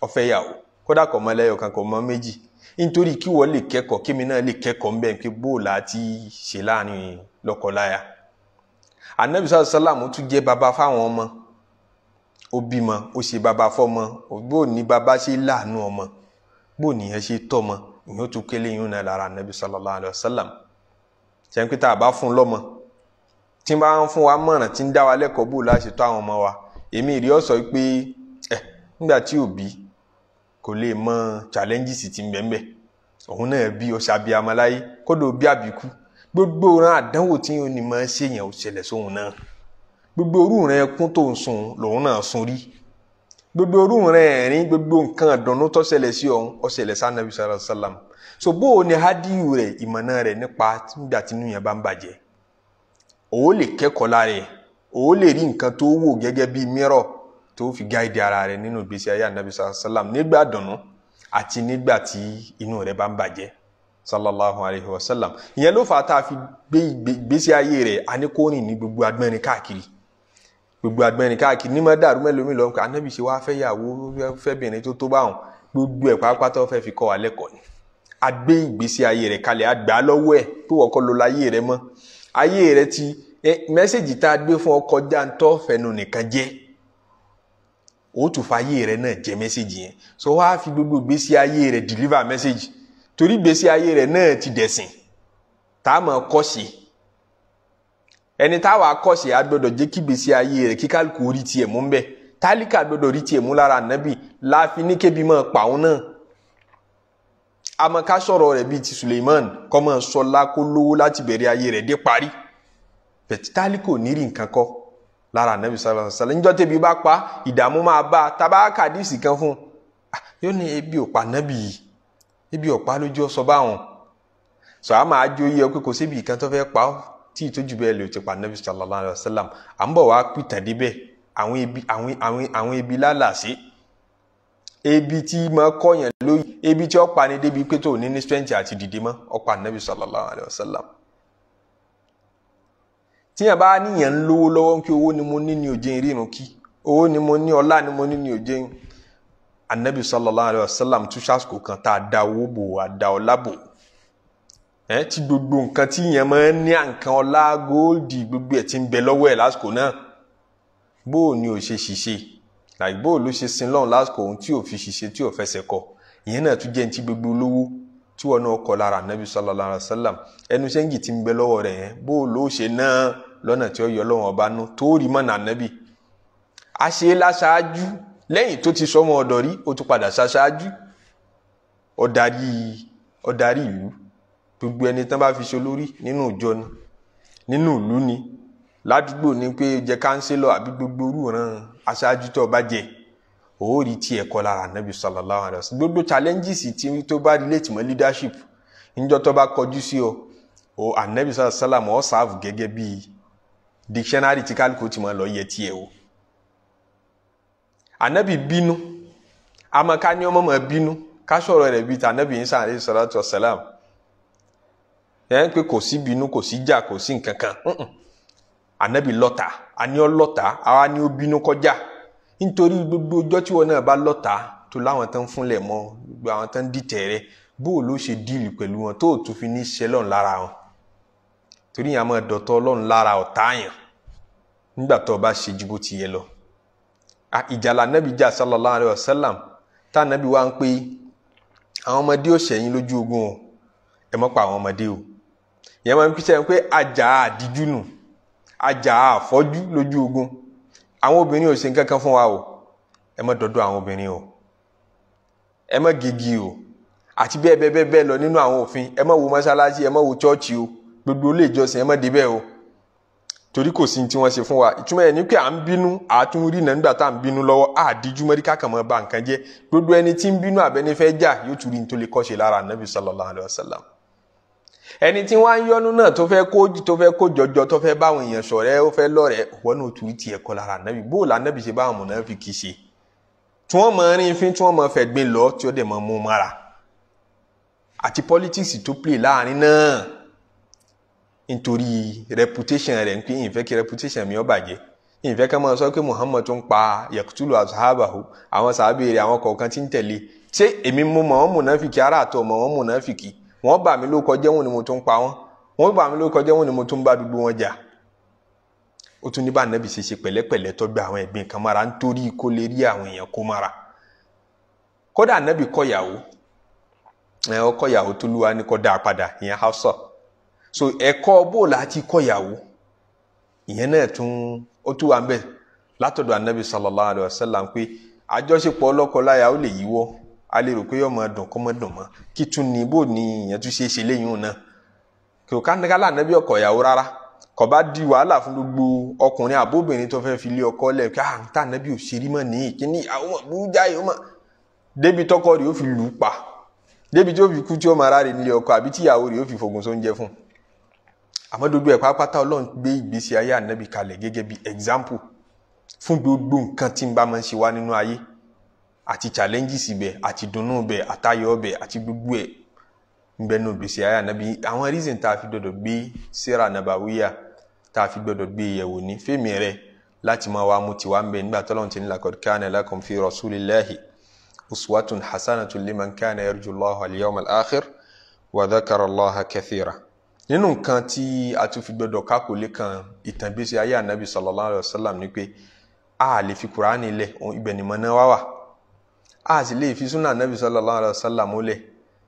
ọ̀fẹ́ yàwó kódà kò mọ lẹ́yọ̀ kan kò mọ méjì nítorí kí wọ́n lè kẹ́kọ̀ọ́ kémi náà lè kẹ́kọ̀ọ́ ń bẹ̀ pé bóòlà ti ṣe láàrin lọ́kọláya baba fáwọn ọmọ ó bímọ baba fọ́mọ bó ní baba ṣe láàánú ọmọ bó nìyẹn ṣe ìyẹn ó tún kélé yín náà lára nàbí sallallahu alayhi wa sallam sẹ́ńpẹ́ tá a bá fún lọ́mọ tí n bá ń fún wa mọ̀ràn tí ń dá wa lẹ́kọ̀ọ́ bò láṣẹ tó àwọn ọmọ wa èmi ìrí ọ̀sọ̀ pé ẹ̀ nígbà tí òbí kò lè mọ challenges ti ń bẹ́ẹ̀ òun náà bí ọ̀sẹ̀ abiyamọ láyé kódò bí àbíkú gbogbo ran àdánwò tí yóò ní máa ń ṣèyàn ò sóhun náà gbogbo orú rẹ kún tó ń sun lòun náà sun rí gbogbo oru re ẹ̀rín gbogbo nǹkan ìdùnnú tó ṣẹlẹ̀ sí ọ̀hún ó ṣẹlẹ̀ salam so bó o ní hádìú rẹ̀ ìmọ̀nà rẹ̀ nípa nígbà tí inú yẹn bá o le kekola re o le ri nkan to wo gege bí to fi ara re ninu àti sallallahu alaihi wasallam ló a fi re a gbogbo agbẹ́rin káàkiri ní máa dàrú mẹ́lòmí lọ́wọ́ pé anábì ṣe wáá fẹ́yàwó fẹ́bìnrin tó tó báwọn gbogbo ẹ̀ pàápàá tó fẹ́ fi kọ́ wa lẹ́kọ̀ọ́ ni a gbé ìgbésí ayé rẹ̀ kalẹ̀ a gbà á lọ́wọ́ ẹ̀ tó wọ́kọ́ lọ láyé rẹ̀ mọ́ ayé rẹ̀ ti mẹ́sẹ̀gì tá a gbé fún ọ kọjá ń tọ́ fẹnu nìkan jẹ́ ó tún fa ayé rẹ̀ náà jẹ́ mẹ́sẹ̀gì yẹn so wá fi gbogbo ìgbésí ayé rẹ̀ deliver mẹ́sẹ̀gì torí ìgbésí ayé rẹ̀ náà ti dẹ̀sìn tá a máa kọ́ sí i ẹni táwa kọ̀ṣe a gbọ́dọ̀ jẹ́ kí gbèsè ayé rẹ̀ kí kálukú rí tiẹ̀ mú bẹ́ẹ̀ tálíkà gbọ́dọ̀ rí tiẹ̀ mú lára nábì láàfin ní kébi máa pa òun náà àmọ́ ká sọ̀rọ̀ rẹ̀ bíi ti Suleiman kọ́ máa sọ lákó lówó láti bẹ̀rẹ̀ ayé rẹ̀ dé parí bẹ̀tí tálíkà ò ní rí nǹkan kọ́ lára nábì sallallahu alaihi níjọ́ tẹ́bi bá pa ìdààmú máa bá a tábà kàdísì kan fún ah, yóò ní ebi ò tí ìtọ́jú bẹ́ẹ̀ lè ti pa nabi sallallahu alayhi wa sallam à ń bọ̀ wá pìtàn débẹ̀ àwọn ibi àwọn àwọn àwọn ibi lálàsí ebi tí máa kọyàn lóyè ebi tí ó pa ni débi pé tó ní ní strength àti dìde mọ́ ó pa nabi sallallahu alayhi wa sallam tíyàn bá níyàn ń lówó lọ́wọ́ kí owó ni mo ní ni òjé ìrìnnù kí owó ni mo ní ọlá ni mo ní ni òjé anabi sallallahu alayhi wa sallam tún ṣàṣkò kan tá a da owó bò a da ọlá bò ẹ ti gbogbo nǹkan tí yẹn máa ń ní àǹkan ọlá góòdì gbogbo ẹ̀ ti ń bẹ lọ́wọ́ ẹ̀ lásìkò náà bó o ní o ṣe ṣiṣẹ́ láì bó o ló ṣe sin lọ́run lásìkò ohun tí o fi ṣiṣẹ́ tí o fẹsẹ̀ kọ ìyẹn náà tún jẹ́ ní ti gbogbo olówó tí wọn náà kọ lára anabi sallallahu alaihi wasallam ẹnu sẹ́ńgì ti ń bẹ lọ́wọ́ rẹ̀ yẹn bó o ló ṣe náà lọ́nà tí ó yọ lọ́wọ́ ọba nú tó rí mọ́nà anabi a ṣe lẹ́yìn tó ti sọmọ ọ̀dọ̀ rí o tún padà ṣaṣáájú ọ̀darí ọ̀darí ìlú gbogbo ẹni tán bá fi ṣe olórí nínú ìjọ ni nínú ìlú ni ládùúgbò ni pé jẹ kánsílọ àbí gbogbo orú ìran aṣáájú tó bá jẹ òórì tí ẹ̀kọ́ lára nàbì sallallahu alaihi wasallam gbogbo challenges tí tó bá relate mọ́ leadership níjọ́ tó bá kọjú sí ọ o ànàbì sallallahu alaihi wasallam ọ sáàfù gẹ́gẹ́ bí dictionary tí kálukú ti mọ lọ yẹ tiẹ̀ o ànàbì bínú àmọ́ ká ọmọ mọ bínú ká sọ̀rọ̀ rẹ̀ bíi tànàbì yín sàn àlẹ sallallahu alaihi wasallam yẹn pé kò sí binu kò sí jà kò sí nkankan anabi ànábì lọ́ta àní ọlọ́ta àwa binu ó bínú nítorí gbogbo ọjọ́ tí wọn náà bá lọ́ta tó láwọn tán fúnlẹ̀ mọ́ gbogbo àwọn tán dìtẹ̀ rẹ bóò ṣe díìlì pẹ̀lú wọn tó tún fi ní ṣe lọ́n lára wọn torí yẹn a máa dọ̀tọ̀ ọlọ́run lára ọ̀tá yẹn nígbà tó o bá ṣe ju ti yẹ lọ ìjàlá ànábì jà sallallahu alaihi wasallam tá anabi wá ń pé àwọn ọmọdé ò ṣẹ̀yìn lójú ogun o ẹ mọ́ pa àwọn ọmọdé o ìyẹn máa ń fi sẹ́yìn pé àjà àdíjú nù àjà àfọ́jú lójú ogun àwọn obìnrin ò ṣe nǹkan fún wa o ẹ má dọ́dọ̀ àwọn obìnrin o ẹ má gègì o àti bẹ́ẹ̀ bẹ́ẹ̀ bẹ́ẹ̀ bẹ́ẹ̀ lọ nínú àwọn òfin ẹ má wo mọ́ṣáláṣí ẹ má wo chọ́ọ̀chì o gbogbo ilé ìjọsìn ẹ má débẹ̀ o torí kò sí tí wọ́n ṣe fún wa ìtumọ̀ ẹ̀ ní pé à ń bínú àtún rí iná nígbà tá à ń bínú lọ́wọ́ àdíjú mẹ́ríkà kàn mọ́ ba nǹkan jẹ́ gbogbo ẹni tí ń bínú àbẹ́ni fẹ́ jà yóò tún rí ní tó lè kọ́ ṣe lára nàbì sallallahu alaihi wasallam ẹni tí wọ́n á yọ́nú náà tó fẹ́ kó tó fẹ́ kó jọjọ tó fẹ́ báwọn èèyàn ṣọ̀rẹ́ ó fẹ́ lọ́rẹ̀ẹ́ wọnú tù tiẹ̀ kọ́ lára nàbì bó la nàbì ṣe báwọn mùnáfíkì ṣe tí wọ́n mọ rin fín tí wọ́n mọ fẹ́ gbin lọ tí ó dẹ̀ mọ mú mara àti politics tó play láàrin náà nítorí reputation rẹ̀ ń pín ìfẹ́ kí reputation mi ó bàjẹ́ ìfẹ́ ká máa sọ pé Muhammad tó pa yakutulu asahabahu àwọn sàábẹ̀rẹ̀ àwọn kọ̀ọ̀kan tí ń tẹ̀lé ṣé èmi mú mọ̀ wọ́n mùnáfìkì ara àtọ̀ mọ̀ wọ́n mùnáfìkì wọ́n bà mí lórúkọ jẹ́ wọn ni mo tún pa wọ́n wọ́n bà mí lórúkọ jẹ́ wọn ni mo tún bá gbogbo wọn jà ó tún ní bá nàbì ṣe ṣe pẹ̀lẹ́pẹ̀lẹ́ tọ́gbà àwọn ẹ̀gbìn kan mara nítorí kó lè rí àwọn èèyàn kó mara kódà nàbì kọ̀yàwó ẹ̀ ọ́ kọ̀yàwó tó lúwa ní kọ́ dáa padà ìyẹn Hafsa so ẹ̀kọ́ bóòlù àti kọ̀yàwó ìyẹn náà tún ó tún wà ń bẹ̀ látọ̀dọ̀ ànábì sallallahu alaihi wasallam pé àjọṣepọ̀ ọlọ́kọ láya ó lè yíwọ́ a lè rò pé yọmọ dùn kọ́mọ dùn mọ́ kí tún ní bò ní ìyẹn tún ṣeé ṣe léyìn òun náà kí o ká nígbàlá nàbí ọkọ ìyàwó rárá kò bá di wàhálà fún gbogbo ọkùnrin àbóbìnrin tó fẹ́ẹ́ fi lé ọkọ lẹ̀ kí àwọn tá nàbí ò ṣe rí mọ́ ní ìkíní àwọn ọmọ burú jáì ọmọ débi tọkọ rẹ̀ ó fi lù ú pa débi tí ó fi kú tí ó máa rárẹ̀ nílé ọkọ àbí tí ìyàwó rẹ̀ ó fi fògùn sóúnjẹ fún un dodo ẹ̀ pátápátá ọlọ́run gbé ìgbésí ayé ànábì kalẹ̀ gẹ́gẹ́ bí example fún gbogbo nǹkan tí ń bá máa ń ṣe wá nínú ayé àti challenges bẹ àti dùnnú bẹ àtayọ̀ bẹ àti gbogbo ẹ nbẹ nù gbèsè ayé ànábi àwọn reason tá a fi gbọ́dọ̀ gbé sarah nabawiya tá a fi gbọ́dọ̀ gbé yẹ̀wò ní fèmí rẹ láti máa wá mu tiwa ń bẹ nígbà tọ́lọ́run ti ní laqad kana lakum fi rasulillahi uswatun hasanatun liman kana yarju Allaha al-yawma al-akhir wa dhakara Allaha kathira nínú nǹkan tí a tún fi gbọ́dọ̀ kákòlé kan ìtàn gbèsè ayé ànábi sallallahu alayhi wa sallam ni pé a lè fi kuraani lẹ ibẹ̀ ni mọ̀nà wá wà a sì lè fi súnà ànábì sallallahu alaihi wasallam múlẹ̀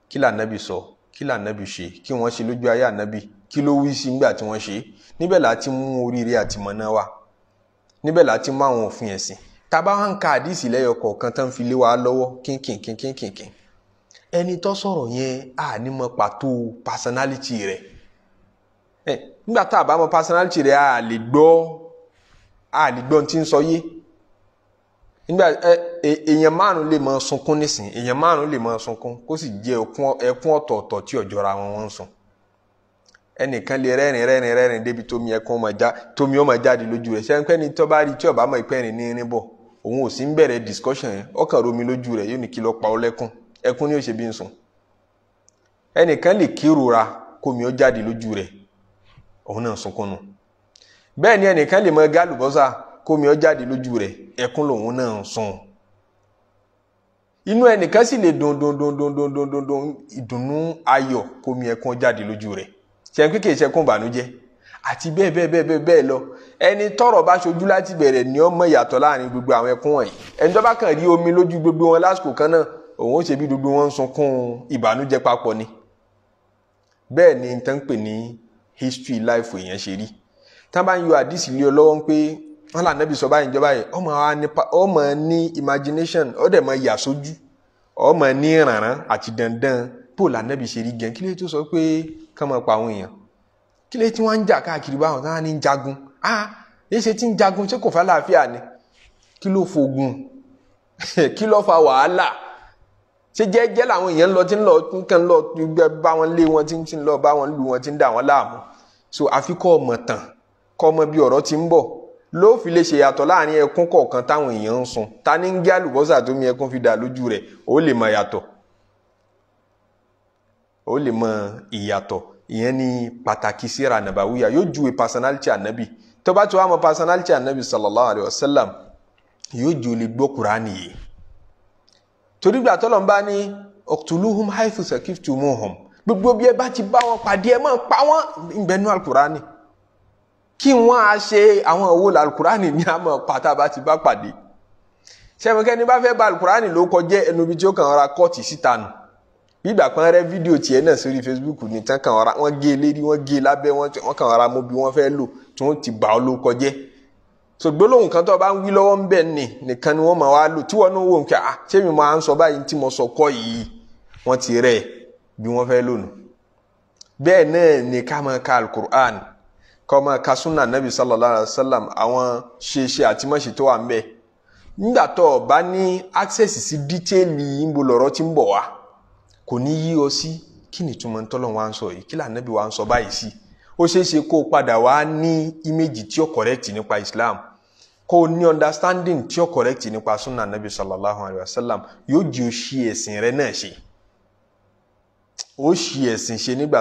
kí lànábì sọ kí lànábì ṣe kí wọ́n ṣe lójú ayé ànábì kí ló wí sí nígbà tí wọ́n ṣe níbẹ̀ láti mú oríire àti mọ̀nà wa níbẹ̀ láti mú àwọn òfin ẹ̀sìn tábà ń ka àdìsí lẹ́yọ kọ̀ọ̀kan tán fi lé wa lọ́wọ́ kínkínkínkínkín ẹni tó sọ̀rọ̀ yẹn a ní mọ pàtó personality rẹ̀ ẹ nígbà tá a bá mọ personality rẹ̀ a lè gbọ́ a lè gbọ́ ohun ń sọ yé nígbà ẹ E, èèyàn márùn lè máa sunkún nísìn èèyàn márùn lè máa sunkún kó sì jẹ ẹkún ọ̀tọ̀ọ̀tọ̀ tí ra wọn wọn sun ẹnìkan lè rẹ́rìn rẹ́rìn rẹ́rìn débi tómi ẹkún ọmọ jáde lójú rẹ̀ ni tó bá rí tí ọba ní irin bọ̀ òun ò sí ọkàn romi lójú rẹ̀ yóò ní kí lọ pa ẹkún yóò ṣe bí ń ẹnìkan lè kírora kómi ọ jáde lójú rẹ̀ inú ẹnìkan sì lè dùn dùn dùn dùn dùn dùn dùn dùn ìdùnnú ayọ̀ kó mi ẹkún jáde lójú rẹ̀ ṣẹ́yìn pé kì í ṣẹkún ìbànújẹ́ àti bẹ́ẹ̀ bẹ́ẹ̀ bẹ́ẹ̀ bẹ́ẹ̀ bẹ́ẹ̀ lọ ẹni tọ́rọ̀ bá ṣojú láti bẹ̀rẹ̀ ni ó mọ ìyàtọ̀ láàrin gbogbo àwọn ẹkún wọ̀nyí ẹni tó bá kàn rí omi lójú gbogbo wọn lásìkò kan náà òun ó ṣe bí gbogbo wọn ń sunkún ìbànújẹ́ papọ̀ ni bẹ́ẹ̀ ni n tán pè ní history life èèyàn ṣe rí tá bá ń yọ àdìsí lé ọ lọ́wọ́ ń pé wọn là nẹbi sọ báyìí ìjọba yìí ọmọ wa nípa ọmọ ní imagination ọdẹ mọ yà sójú ọmọ ní rànràn àti dandan paul anabi ṣe rí gẹn kí lè tó sọ pé kàn máa pa àwọn èèyàn kí lè tí wọn ń jà káàkiri báwọn táwọn ní jagun ah yìí ṣe tí ń jagun ṣé kò fẹ́ láàfíà ni kí ló fogun kí ló fa wàhálà ṣe jẹ́jẹ́ làwọn èèyàn lọ tí ń lọ nǹkan lọ bá wọn lé wọn tí ń tí ń lọ bá wọn lù wọn tí ń dà wọn láàmú so àfi kọ́ ọmọ tàn kọ́ ọmọ bí ọ̀rọ̀ ti ń bọ̀ ló fi lè ṣe yàtọ̀ láàrin ẹkún kọ̀ọ̀kan táwọn èèyàn ń sun ta ní ń gé àlùbọ́sà tó mi ẹkún fi dà lójú rẹ̀ ó lè mọ yàtọ̀ ó lè mọ ìyàtọ̀ ìyẹn ni pàtàkì síra nàbàwíyà yóò ju personality ànábì tó bá ti wá mọ personality ànábì sallallahu alayhi wa sallam yóò ju lè gbọ́ kúránì yìí torí gbà tọ́lọ̀ ń bá ní uqtuluhum haythu saqiftumuhum gbogbo bí ẹ bá ti bá wọn pàdé ẹ máa pa wọn ìgbẹ́nu àlùkùránì kí wọ́n á ṣe àwọn òwò làlùkùránì ní àmọ́ pátá bá ti bá pàdé sẹ́mukẹ́ni bá fẹ́ bá làlùkùránì ló kọjẹ́ ẹnu bí tí ó kàn ra kọ́ọ̀tì síta nù bígbà kan rẹ fídíò tiẹ̀ náà sórí Facebook ní tán kàn ra wọ́n gé e lérí wọ́n gé e lábẹ́ wọ́n kàn ra mú bí wọ́n fẹ́ lò tí wọ́n ti bà ọ́ ló kọjẹ́ sògbólóhùn kan tó bá ń wí lọ́wọ́ ń bẹ̀ ni nìkan ni wọ́n máa wá lò tí wọ́n náà wò ń ah, kọ́mọ kasuna nabi sallallahu alaihi wa sallam àwọn ṣeéṣe àti mọ̀ṣe tó wà ń bẹ̀ nígbà tó o bá ní access sí dítẹ́ẹ̀lì ìbò lọ́rọ́ tí ń bọ̀ wá kò ní yí ọ sí kí ni túmọ̀ wa ń sọ yìí nabi wa ń sọ báyìí sí ó ṣeéṣe kó o padà wá ní íméjì tí ó correct nípa Islam kó o ní understanding tí ó correct nabi sallallahu alaihi wa sallam yóò jí o ṣe ẹ̀sìn rẹ náà ṣe ẹ̀sìn ṣe nígbà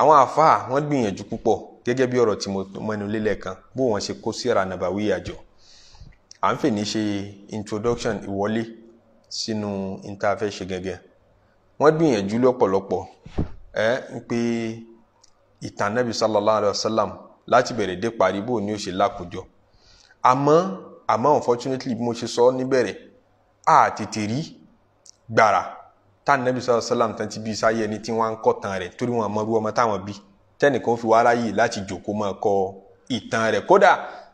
àwọn àfáà wọ́n gbìyànjú púpọ̀ gẹ́gẹ́ bí ọ̀rọ̀ tí mo mẹ́nu lélẹ̀ kan bó wọ́n ṣe kó síra nàbàwí àjọ à ń fè ní ṣe introduction ìwọlé sínú interface ṣe gẹ́gẹ́ wọ́n gbìyànjú lọ́pọ̀lọpọ̀ ẹ ń pé ìtàn nàbì sallallahu alayhi wa sallam láti bẹ̀rẹ̀ dé parí bó ni ó ṣe lákòjọ àmọ́ àmọ́ unfortunately bí mo ṣe sọ níbẹ̀rẹ̀ a tètè rí gbàrà tá nabi sọ sọlám tán ti bí sáyé ẹni tí wọn ń kọ tán rẹ̀ torí wọn mọrú ọmọ táwọn bí tẹnìkan fi wàhálà yìí láti jòkó máa kọ ìtàn rẹ̀ kódà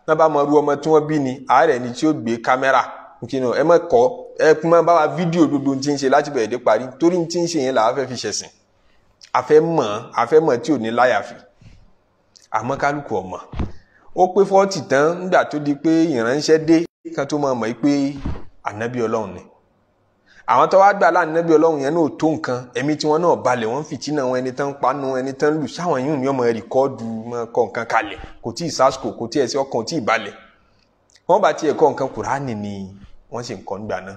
náà bá ọmọ tí wọn bí ni àárẹ̀ ni tí ó gbé kámẹ́rà nkìnnà ẹ má kọ ẹ kún máa bá wa fídíò gbogbo ti ń ṣe láti bẹ̀rẹ̀ dé parí torí ti ń ṣe yẹn là á fẹ́ fi ṣẹ̀sìn àfẹ́ mọ̀ àfẹ́ mọ̀ tí ò ní láyàfi àmọ́ kálukú ọmọ ó pé fọ́ọ̀tì tán nígbà tó di pé ìránṣẹ́ dé kan tó máa mọ̀ pé ànábì ọlọ́run ni àwọn tó wá gbà láàrin nẹ́bí ọlọ́run yẹn náà tó nǹkan ẹ̀mí tí wọ́n náà balẹ̀ wọ́n fìtínà wọn ẹni tán ń panu ẹni tán ń lù sáwọn yìí ni ọmọ rìkọ́ọ̀dù kọ nǹkan kalẹ̀ kò tí ì sásìkò kò tí ẹ̀ sí ọkàn tí ì balẹ̀ wọ́n bá tiẹ̀ kọ́ nǹkan kùránì ni wọ́n sì ń kọ́ nígbà náà.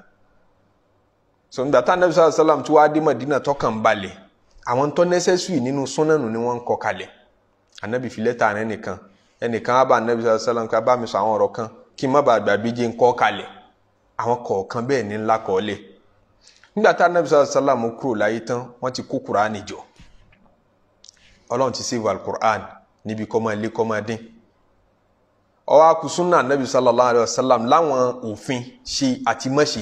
sọ nígbà tá nẹ́bí sọ́lá sálàm tí wàá dé Mọ̀dínà tọ́kàn balẹ̀ àwọn tó nẹ́sẹ̀sùì nínú súnánù ni wọ́n ń kọ kalẹ̀ ànábì fi lẹ́tà rẹ̀ nìkan ẹnìkan á bá nẹ́bí sọ́lá sálàm ká bá mi sọ àwọn ọ̀rọ̀ nígbà tá anabi sọlá sálàmù kúrò láyé tán wọ́n ti kó kuraani jọ ọlọ́run ti sèwà alukur'an níbi kọ́ máa lé kọ́ máa dín ọwọ́ akusunna anabi sallallahu alayhi wa sallam láwọn òfin ṣe àti mọ́ṣe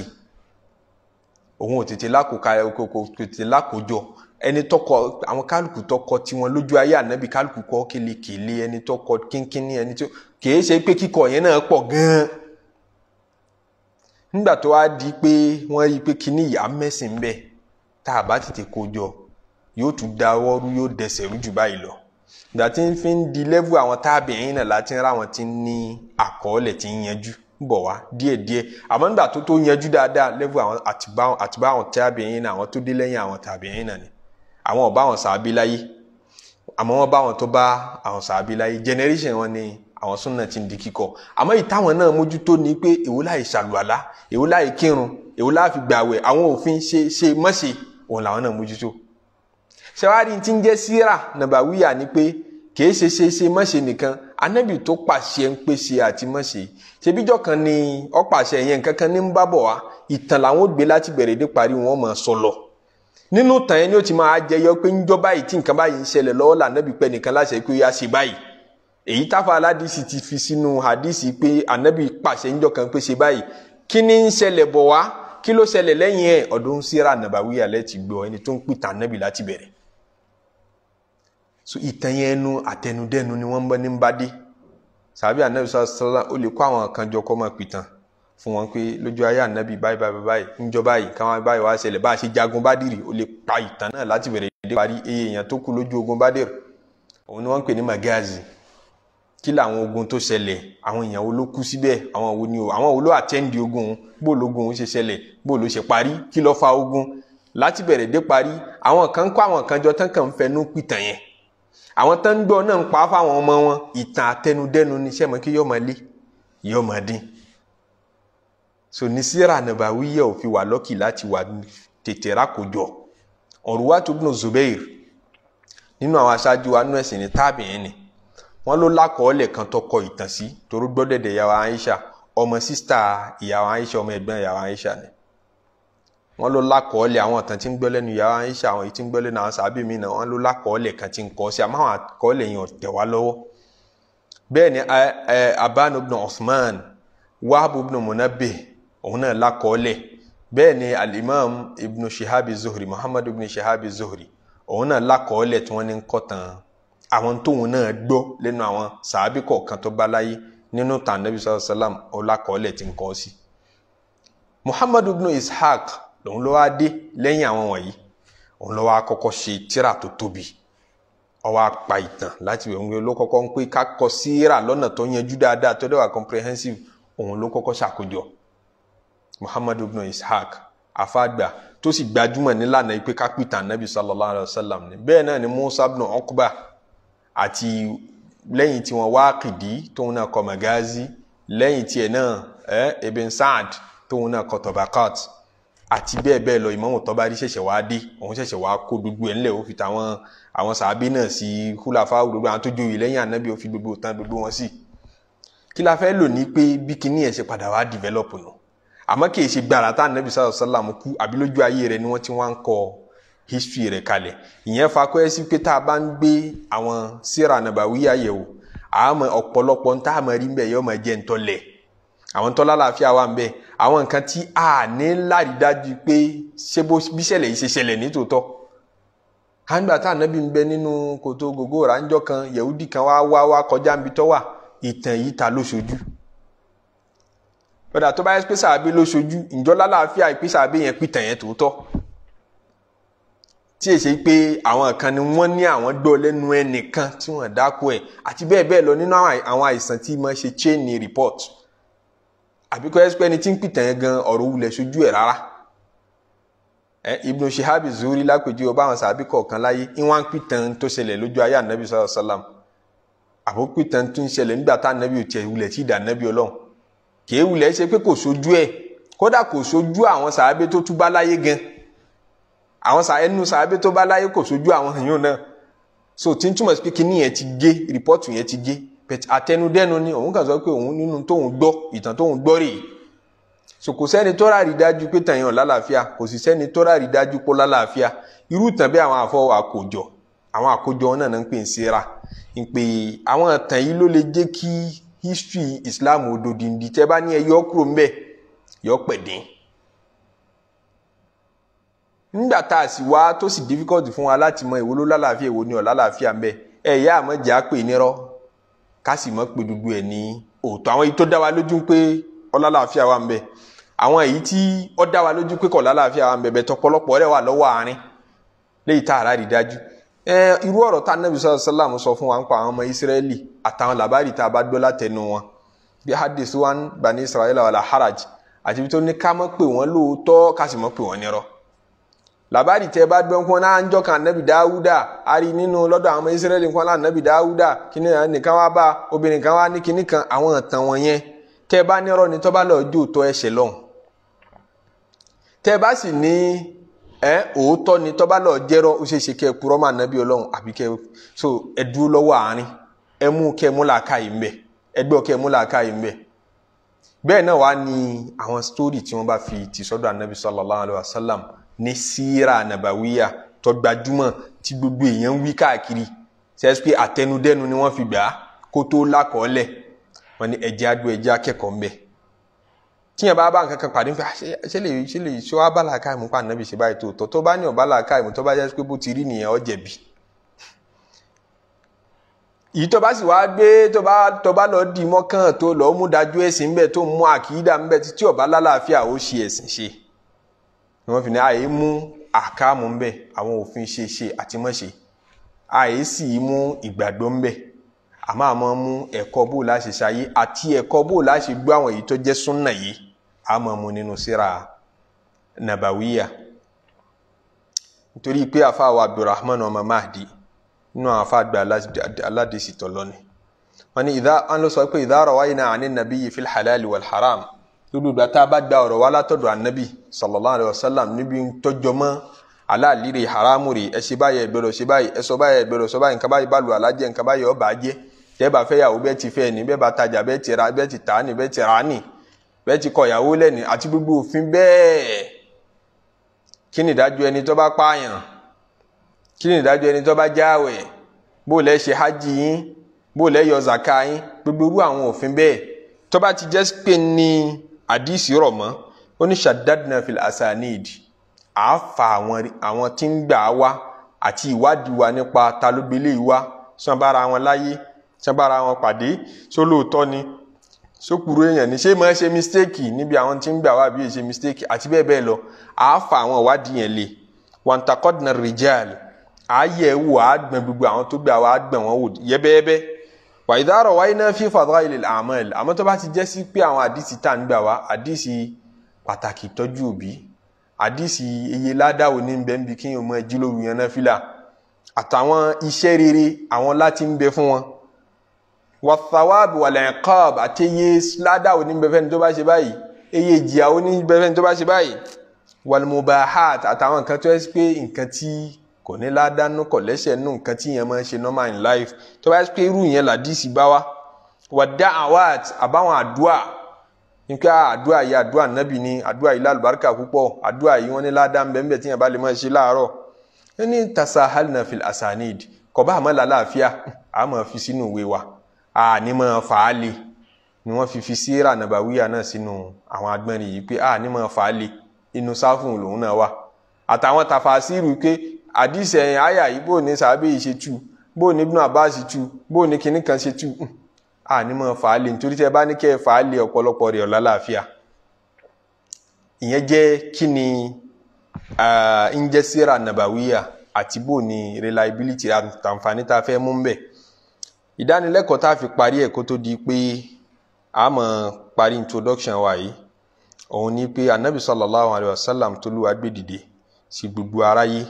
òun ò tètè lákòójọ ẹni tọkọ àwọn kálukú tọkọ tiwọn lójú ayé ànábì kálukú kọ kélekèlé ẹni tọkọ kínkínní ẹni tó kèé ṣe pé kíkọ yẹn náà pọ̀ gan nígbà tó wá di pé wọ́n rí i pé kíní ìyá mẹ́sìn ń bẹ tá a bá tètè kó jọ yóò tún dáwọ́ rú yóò dẹsẹ̀ rú jù báyìí lọ ìgbà tí ń fi ń di lẹ́vù àwọn tábìrin náà láti ra àwọn tí ní àkọọ́lẹ̀ tí ń yanjú bọ̀ wá díẹ̀díẹ̀ àmọ́ nígbà tó tó yanjú dáadáa lẹ́vù àwọn àtibá àwọn tábìrin náà àwọn tó dé lẹ́yìn àwọn tábìrin náà ni àwọn ọba àwọn sàábí láyé àmọ́ wọ́n bá àwọn tó bá àwọn sàábí láyé generation wọn ni àwọn súnà ti ń di kíkọ àmọ́ ìtàwọn náà mójútó ni pé èwo láì ṣàlùwàlá èwo láì kírun èwo láì fi gbàwẹ̀ àwọn òfin ṣe ṣe mọ́ṣe òun làwọn náà mójútó. ṣẹwárí ti ń jẹ́ síra nàbàwíyà ni pé kì í ṣe ṣe ṣe mọ́ṣe nìkan anábì tó pàṣẹ ń pèsè àti mọ́ṣe ṣebíjọ́ kan ni ó yẹn nǹkan kan ní ń bábọ̀ wá ìtàn làwọn ò gbé láti bẹ̀rẹ̀ dé parí wọn máa sọ lọ nínú tàn yẹn ni ó ti máa jẹyọ pé ń jọ báyìí tí nǹkan báyìí ń ṣẹlẹ̀ lọ́wọ́ lànàbì pẹ́ nìkan láṣẹ pé ó yá ṣe báyìí èyí táfa aládìsí ti fi sínú hadisi pé anabi pàṣẹ ńjọ kan pé ṣe báyìí kí ni ń ṣẹlẹ̀ bọ̀ wá kí ló ṣẹlẹ̀ lẹ́yìn ẹ̀ ọdún síra nàbàwí alẹ́ ti gbọ́ ẹni tó ń pìtà anabi láti bẹ̀rẹ̀ so ìtàn yẹn nu àtẹnudẹ́nu ni wọ́n ní ń bá dé sàbí anabi sọ sọlá ó lè kó àwọn kan jọ kọ́ máa pìtàn fún wọn pé lójú ayé anabi báyìí báyìí báyìí ńjọ báyìí káwọn báyìí wá ṣẹlẹ̀ bá ṣe jagun Badiri ó lè pa ìtàn náà láti bẹ̀rẹ̀ dé parí èèyàn tó kú lójú ogun Badiri òun ni wọ́n ń pè ní magazi kí làwọn ogun tó ṣẹlẹ̀ àwọn èèyàn wo ló kú síbẹ̀ àwọn wo ni o àwọn wo ló àtẹ́ǹdì ogun bó lógun ṣe ṣẹlẹ̀ bó ló ṣe parí kí ló fa ogun láti bẹ̀rẹ̀ dé parí àwọn kan kó àwọn kan jọ tán kàn ń fẹnu pìtàn yẹn àwọn tán ń gbọ́ náà ń pa fáwọn ọmọ wọn ìtàn àtẹnudẹ́nu ni sẹ́mi kí yọ́ọ́ máa lé yọ́ọ́ máa dín so ní síra nàbàwíyẹ ò fi wà lọ́kì láti wà tètè rákòjọ ọ̀rùwà tó gbọ́n Zubair nínú àwọn aṣáájú wa nú ẹ̀sìn ní tábìyẹn ni wọ́n ló lákọọ́lẹ̀ kan tó kọ ìtàn sí toró gbọ́dẹ̀dẹ̀ ìyàwó Aisha ọmọ sísítà ìyàwó Aisha ọmọ ẹ̀gbọ́n ìyàwó Aisha ni wọ́n ló lákọọ́lẹ̀ àwọn ìtàn tí ń gbọ́ lẹ́nu ìyàwó Aisha àwọn èyí tí ń gbọ́ lẹ́nu àwọn sàbí mi náà wọ́n ló lákọọ́lẹ̀ kan tí ń kọ́ sí àmọ́ àwọn àkọọ́lẹ̀ yẹn tẹ̀ wá lọ́wọ́ bẹ́ẹ̀ ni Aban ibn osman Wahab ibn Munabbih òun náà lákọọ́lẹ̀ bẹ́ẹ̀ ni alimam ibn Shihab zohri zuhri Muhammad ibn Shihab az-Zuhri òun náà lákọọ́lẹ̀ tí wọ́n ní ń àwọn tóun náà gbọ́ lẹ́nu àwọn sàábì kọ̀ọ̀kan tó bá láyé nínú tàn nàbí sallallahu alaihi ń kọ́ sí. muhammadu ibn ishaq lòun ló wá dé lẹ́yìn àwọn wọ̀nyí òun ló wá kọ́kọ́ ṣe tíra tó tóbi ó wá pa ìtàn láti wẹ̀ wọ́n ló kọ́kọ́ ń pé kákọ́ síra lọ́nà tó yanjú dáadáa tó dẹ́wà comprehensive òun ló kọ́kọ́ ṣàkójọ muhammadu ibn ishaq afáàgbà tó sì gbajúmọ̀ nílànà ìpè kápítà nàbí sallallahu alaihi ni bẹ́ẹ̀ náà ni musa ibn uqba àti lẹ́yìn tí wọ́n Waqidi tóun náà kọ Magazi lẹ́yìn tiẹ̀ náà ẹ Ibn Sa'd tóun náà kọ Tabaqat àti bẹ́ẹ̀ bẹ́ẹ̀ lọ Imamu Tabari ṣẹ̀ṣẹ̀ wá dé òun ṣẹ̀ṣẹ̀ wá kó gbogbo ẹ̀ ńlẹ̀ ó fi tàwọn àwọn sàábé náà sí kúláfà gbogbo àwọn tó joyè lẹ́yìn ànábì ó fi gbogbo tán gbogbo wọn sí. kí la fẹ́ lò ní pé bí kinní ẹ̀ ṣe padà wá dìvẹ́lọ́pù nù àmọ́ kì í ṣe gbàrà tá ànábì sallallahu kú àbí lójú ayé rẹ̀ ni wọ́n ti wá ń kọ́ ọ history rẹ̀ kalẹ̀ ìyẹn fakọ ẹ sí pé tá a bá ń gbé àwọn síra nàbàwíyà yẹ̀ wò àmọ́ ọ̀pọ̀lọpọ̀ ń tá a mọ rí bẹ yóò mọ jẹ ntọlẹ àwọn tọ́lá làáfíà wà ń bẹ àwọn nǹkan tí a ní lárídájú pé ṣé bó bí ṣẹlẹ̀ yìí ṣe ṣẹlẹ̀ nítòótọ́ hangba tá ànábì ń bẹ nínú kòtò gògó ránjọ kan yẹ̀wúdì kan wá wá wá kọjá níbi tọ́ wà ìtàn yìí ta ló ṣojú padà tó bá yẹ pé sàbí ló ṣojú ìjọ lálàáfíà ìpèsàbí yẹn pìtàn yẹn tòótọ́ tí èsè pé àwọn kan ni wọ́n ní àwọn gbọ́ lẹ́nu ẹnìkan tí wọ́n dákú ẹ̀ àti bẹ́ẹ̀ bẹ́ẹ̀ lọ nínú àwọn àìsàn tí mo ṣe chain report àbí kọ́ ẹ́sìpẹ́ ni tí ń pìtàn yẹn gan ọ̀rọ̀ wulẹ̀ sójú ẹ̀ rárá ẹ Ibn Shihab Zuhri lápèjú ọba àwọn sàbí kọ̀ọ̀kan láyé ìwọ̀n ń pìtàn tó ṣẹlẹ̀ lójú ayé ànábì sallallahu alaihi wasallam àbó pìtàn tó ń ṣẹlẹ̀ nígbà tá ànábì ò tiẹ̀ wulẹ̀ tí ì dà ànábì ọlọ́run kì í ṣe pé kò sójú ẹ̀ kódà kò sójú àwọn sàbí tó túbá láyé gan àwọn sàá ẹnu sàábé tó bá láyé kò sójú àwọn èèyàn náà so tí n túmọ̀ sí pé kíní yẹn ti gé rìpọ́ọ̀tù yẹn ti gé bẹ̀tẹ̀ àtẹnudẹ́nu ni òun kàn sọ pé òun nínú tóun gbọ́ ìtàn tóun gbọ́ rèé so kò sẹ́ni tó rárí dájú pé tàn yàn lálàáfíà kò sì sẹ́ni tó rárí dájú pé lálàáfíà irú tàn bí àwọn àfọ àkójọ àwọn àkójọ náà náà ń pè ń sera ń pè àwọn tàn yìí ló lè jẹ́ kí history Islam odòdìndì tẹ́ bá ní ẹ yọ kúrò ńbẹ̀ yọ pẹ̀dín nígbà tá a sì wá tó sì difficult fún wa láti mọ èwo ló lálàáfíà èwo ni ò lálàáfíà ń bẹ ẹ ìyá àmọ́ jà pé nírọ́ ká sì mọ̀ pé gbogbo ẹ̀ ní òótọ́ àwọn èyí tó dá wa lójú pé ó lálàáfíà wà ń bẹ àwọn èyí tí ó dá wa lójú pé kò lálàáfíà wà ń bẹ bẹ tọpọlọpọ rẹ wà lọ́wọ́ àárín léyìí tá a rà rí dájú ẹ irú ọ̀rọ̀ tá anabi sọ̀rọ̀ sọ fún wa ń pa àwọn ọmọ Ísírẹ́lì àtàwọn làbárì tá a làbáàdì tẹ bá gbẹ́ nǹkan náà ń jọkàn ànábì dáwúdà a rí nínú lọ́dọ̀ àwọn ọmọ israẹli nǹkan náà ànábì dáwúdà kíní nìkan wá bá obìnrin kan wá ní kíní kan àwọn ìtàn wọn yẹn tẹ bá nírọ́ ni tọ́ba lọ́ọ́ jó tọ́ ẹsẹ̀ lọ́hùn tẹ bá sì ní ẹ òótọ́ ni tọ́ba lọ́ọ́ jẹ́rọ́ ó ṣe é ṣe nabi ẹ purọ́ àbí kẹ́ so ẹ dúró lọ́wọ́ àárín ẹ mú kẹ́ mú làákà yìí mbẹ ẹ gbọ́ kẹ́ mú làákà yìí mbẹ bẹ́ẹ̀ náà wá ní àwọn sítórì tí wọ́n bá fi tì sọ́dọ̀ ànábì sallallahu alaihi wasallam ní síra nàbàwíyà tó gbajúmọ̀ tí gbogbo èèyàn ń wí káàkiri sẹ́sì pé àtẹnudẹ́nu ni wọ́n fi gbà á kó tó lákọ̀ọ́lẹ̀ wọ́n ní ẹ̀jẹ̀ adó ẹ̀jẹ̀ akẹ́kọ̀ọ́ ń bẹ̀. tíyẹn bá bá nǹkan kan pàdé nípa ṣé lè ṣe lè ṣe wá bàlá káìmù pa ànábì ṣe báyìí tòótọ́ tó bá ní ọ̀bàlá káìmù tó bá jẹ́ pé bó ti rí nìyẹn ó jẹ̀bi. yìí tó bá sì wá gbé tó bá tó bá lọ dì mọ́kàn tó lọ mú dájú ẹ̀sìn ńbẹ tó mú àkìídà ńbẹ tí ọ̀bá lálàáfíà ó ṣe ẹ̀sìn ṣe ni wọ́n fi ní àyè mú àkáàmù ń bẹ àwọn òfin ṣe ṣe àti mọ́ṣe àyè sì mú ìgbàgbọ́ ń bẹ àmọ́ àmọ́ mú ẹ̀kọ́ bó láṣẹ ṣayé àti ẹ̀kọ́ bó láṣẹ gbọ́ àwọn èyí tó jẹ́ súnà yìí àmọ́ mu nínú síra nàbàwíyà nítorí pé àfa àwọn Abdulrahman ọmọ Mahdi nínú àfa àgbà aládìsí tọ́lọ́ni wọ́n ní ìdá wọ́n ló sọ pé ìdá àrọ̀wáyé náà àní nàbí yìí fil gbogbo ìgbà tá a bá gba ọ̀rọ̀ wa látọ̀dọ̀ anabi sallallahu alayhi wa sallam níbi tọ́jọ́ mọ́ aláàlíre haramu rè ẹ ṣe báyìí ẹgbẹ́rọ̀ ṣe báyìí ẹ sọ báyìí ẹgbẹ́rọ̀ sọ báyìí nǹkan báyìí bá lu alájẹ nǹkan báyìí ọba ajẹ́ tẹ́ bá fẹ́ yàwó bẹ́ẹ̀ ti fẹ́ ni bẹ́ẹ̀ bá tajà bẹ́ẹ̀ ti ra bẹ́ẹ̀ ti tà á ni bẹ́ẹ̀ ti rà á ni bẹ́ẹ̀ ti kọ ìyàwó lẹ́ni àti gbogbo òfin bẹ́ẹ̀ kí ni ìdájọ́ ẹni tó bá pààyàn kí ni ìdájọ́ ẹni tó bá jáwẹ̀ bó lẹ́ ṣe hajj yín bó lẹ́ yọ zaka yín gbogbo irú àwọn òfin bẹ́ẹ̀ tó bá ti jẹ́ pé ni àdìsí rọ̀ mọ́ ó ní shaddadna fil asanid àáfà àwọn tí ń gbà wá àti ìwádìí wa nípa ta ló gbélé ìwá sanbára wọn láyé sanbára wọn pàdé sólóòótọ́ ni sókùrú èèyàn ní ṣé mọ ẹ ṣe mistake níbi àwọn tí ń gbà wá bí ẹ ṣe mistake àti bẹ́ẹ̀ bẹ́ẹ̀ lọ àáfà àwọn ìwádìí yẹn lè wàǹtakọ́dínà rìjẹ́àlì àáyẹ̀ wò àágbọ̀n gbogbo àwọn tó gbà wá àgbọ̀n wọn wò yẹ́bẹ́yẹ́bẹ́ wàyídàrọ wáyé náà fi fadailil a'mal àmọ́ tó bá ti jẹ́ sí pé àwọn àdìsí tá à ń gbà wá àdìsí pàtàkì tọ́jú òbí àdìsí eye ládàwò ní bẹ́ńbí kí yóò mọ ẹjí lóru yẹn náà fìlà àtàwọn iṣẹ́ rere àwọn láti ń bẹ fún wọn wàtàwáàbù wàlẹ̀kọ́ọ̀bù àti eye ládàwò ní bẹ́fẹ́ni tó bá ṣe báyìí eye ìjìyàwó ní bẹ́fẹ́ni tó bá ṣe báyìí wàlmùbáhàt kò ní ládánú kọ̀ lẹ́sẹ̀ nù nǹkan tí yẹn máa ń ṣe normal in life tó bá yẹ pé irú yẹn làdíìsì bá wa wà dá àwàt àbáwọn àdúà nípa ah, àdúà yìí àdúà nábì ni àdúà yìí lálùbáríkà púpọ̀ àdúà yìí wọ́n ní ládán bẹ́ẹ̀ tí yẹn bá lè máa ṣe láàárọ̀ ẹni tasa halinafil asanid kò bá àmọ́ làlàáfíà àmọ́ fi sínú ìwé wa àní máa fà á le ni wọ́n fi fi síra nàbàwíyà náà sínú àwọn agbọ́nrin yìí pé àní máa fà á le inú sáfùn lòun náà wà àtàwọn tàfàṣírù pé àdìsí ẹ̀yìn àyà yìí bó ní sàábé yìí ṣe tú bó ní Ibn Abbas tú bó ní kinní kan ṣe tú ànímọ̀ hmm. fàálì nítorí tẹ́ bá ní kẹ́ fàálì ọ̀pọ̀lọpọ̀ rẹ̀ ọ̀la láàfíà ìyẹn jẹ́ kí ni ń nàbàwíyà àti bó ní reliability àǹfààní tá a fẹ́ mú bẹ̀ ìdánilẹ́kọ̀ọ́ tá a fi parí ẹ̀ kó tó di pé a máa parí introduction wa yìí òun ni pé anabi sallallahu alayhi wa sallam tó lù wá sí gbogbo aráyé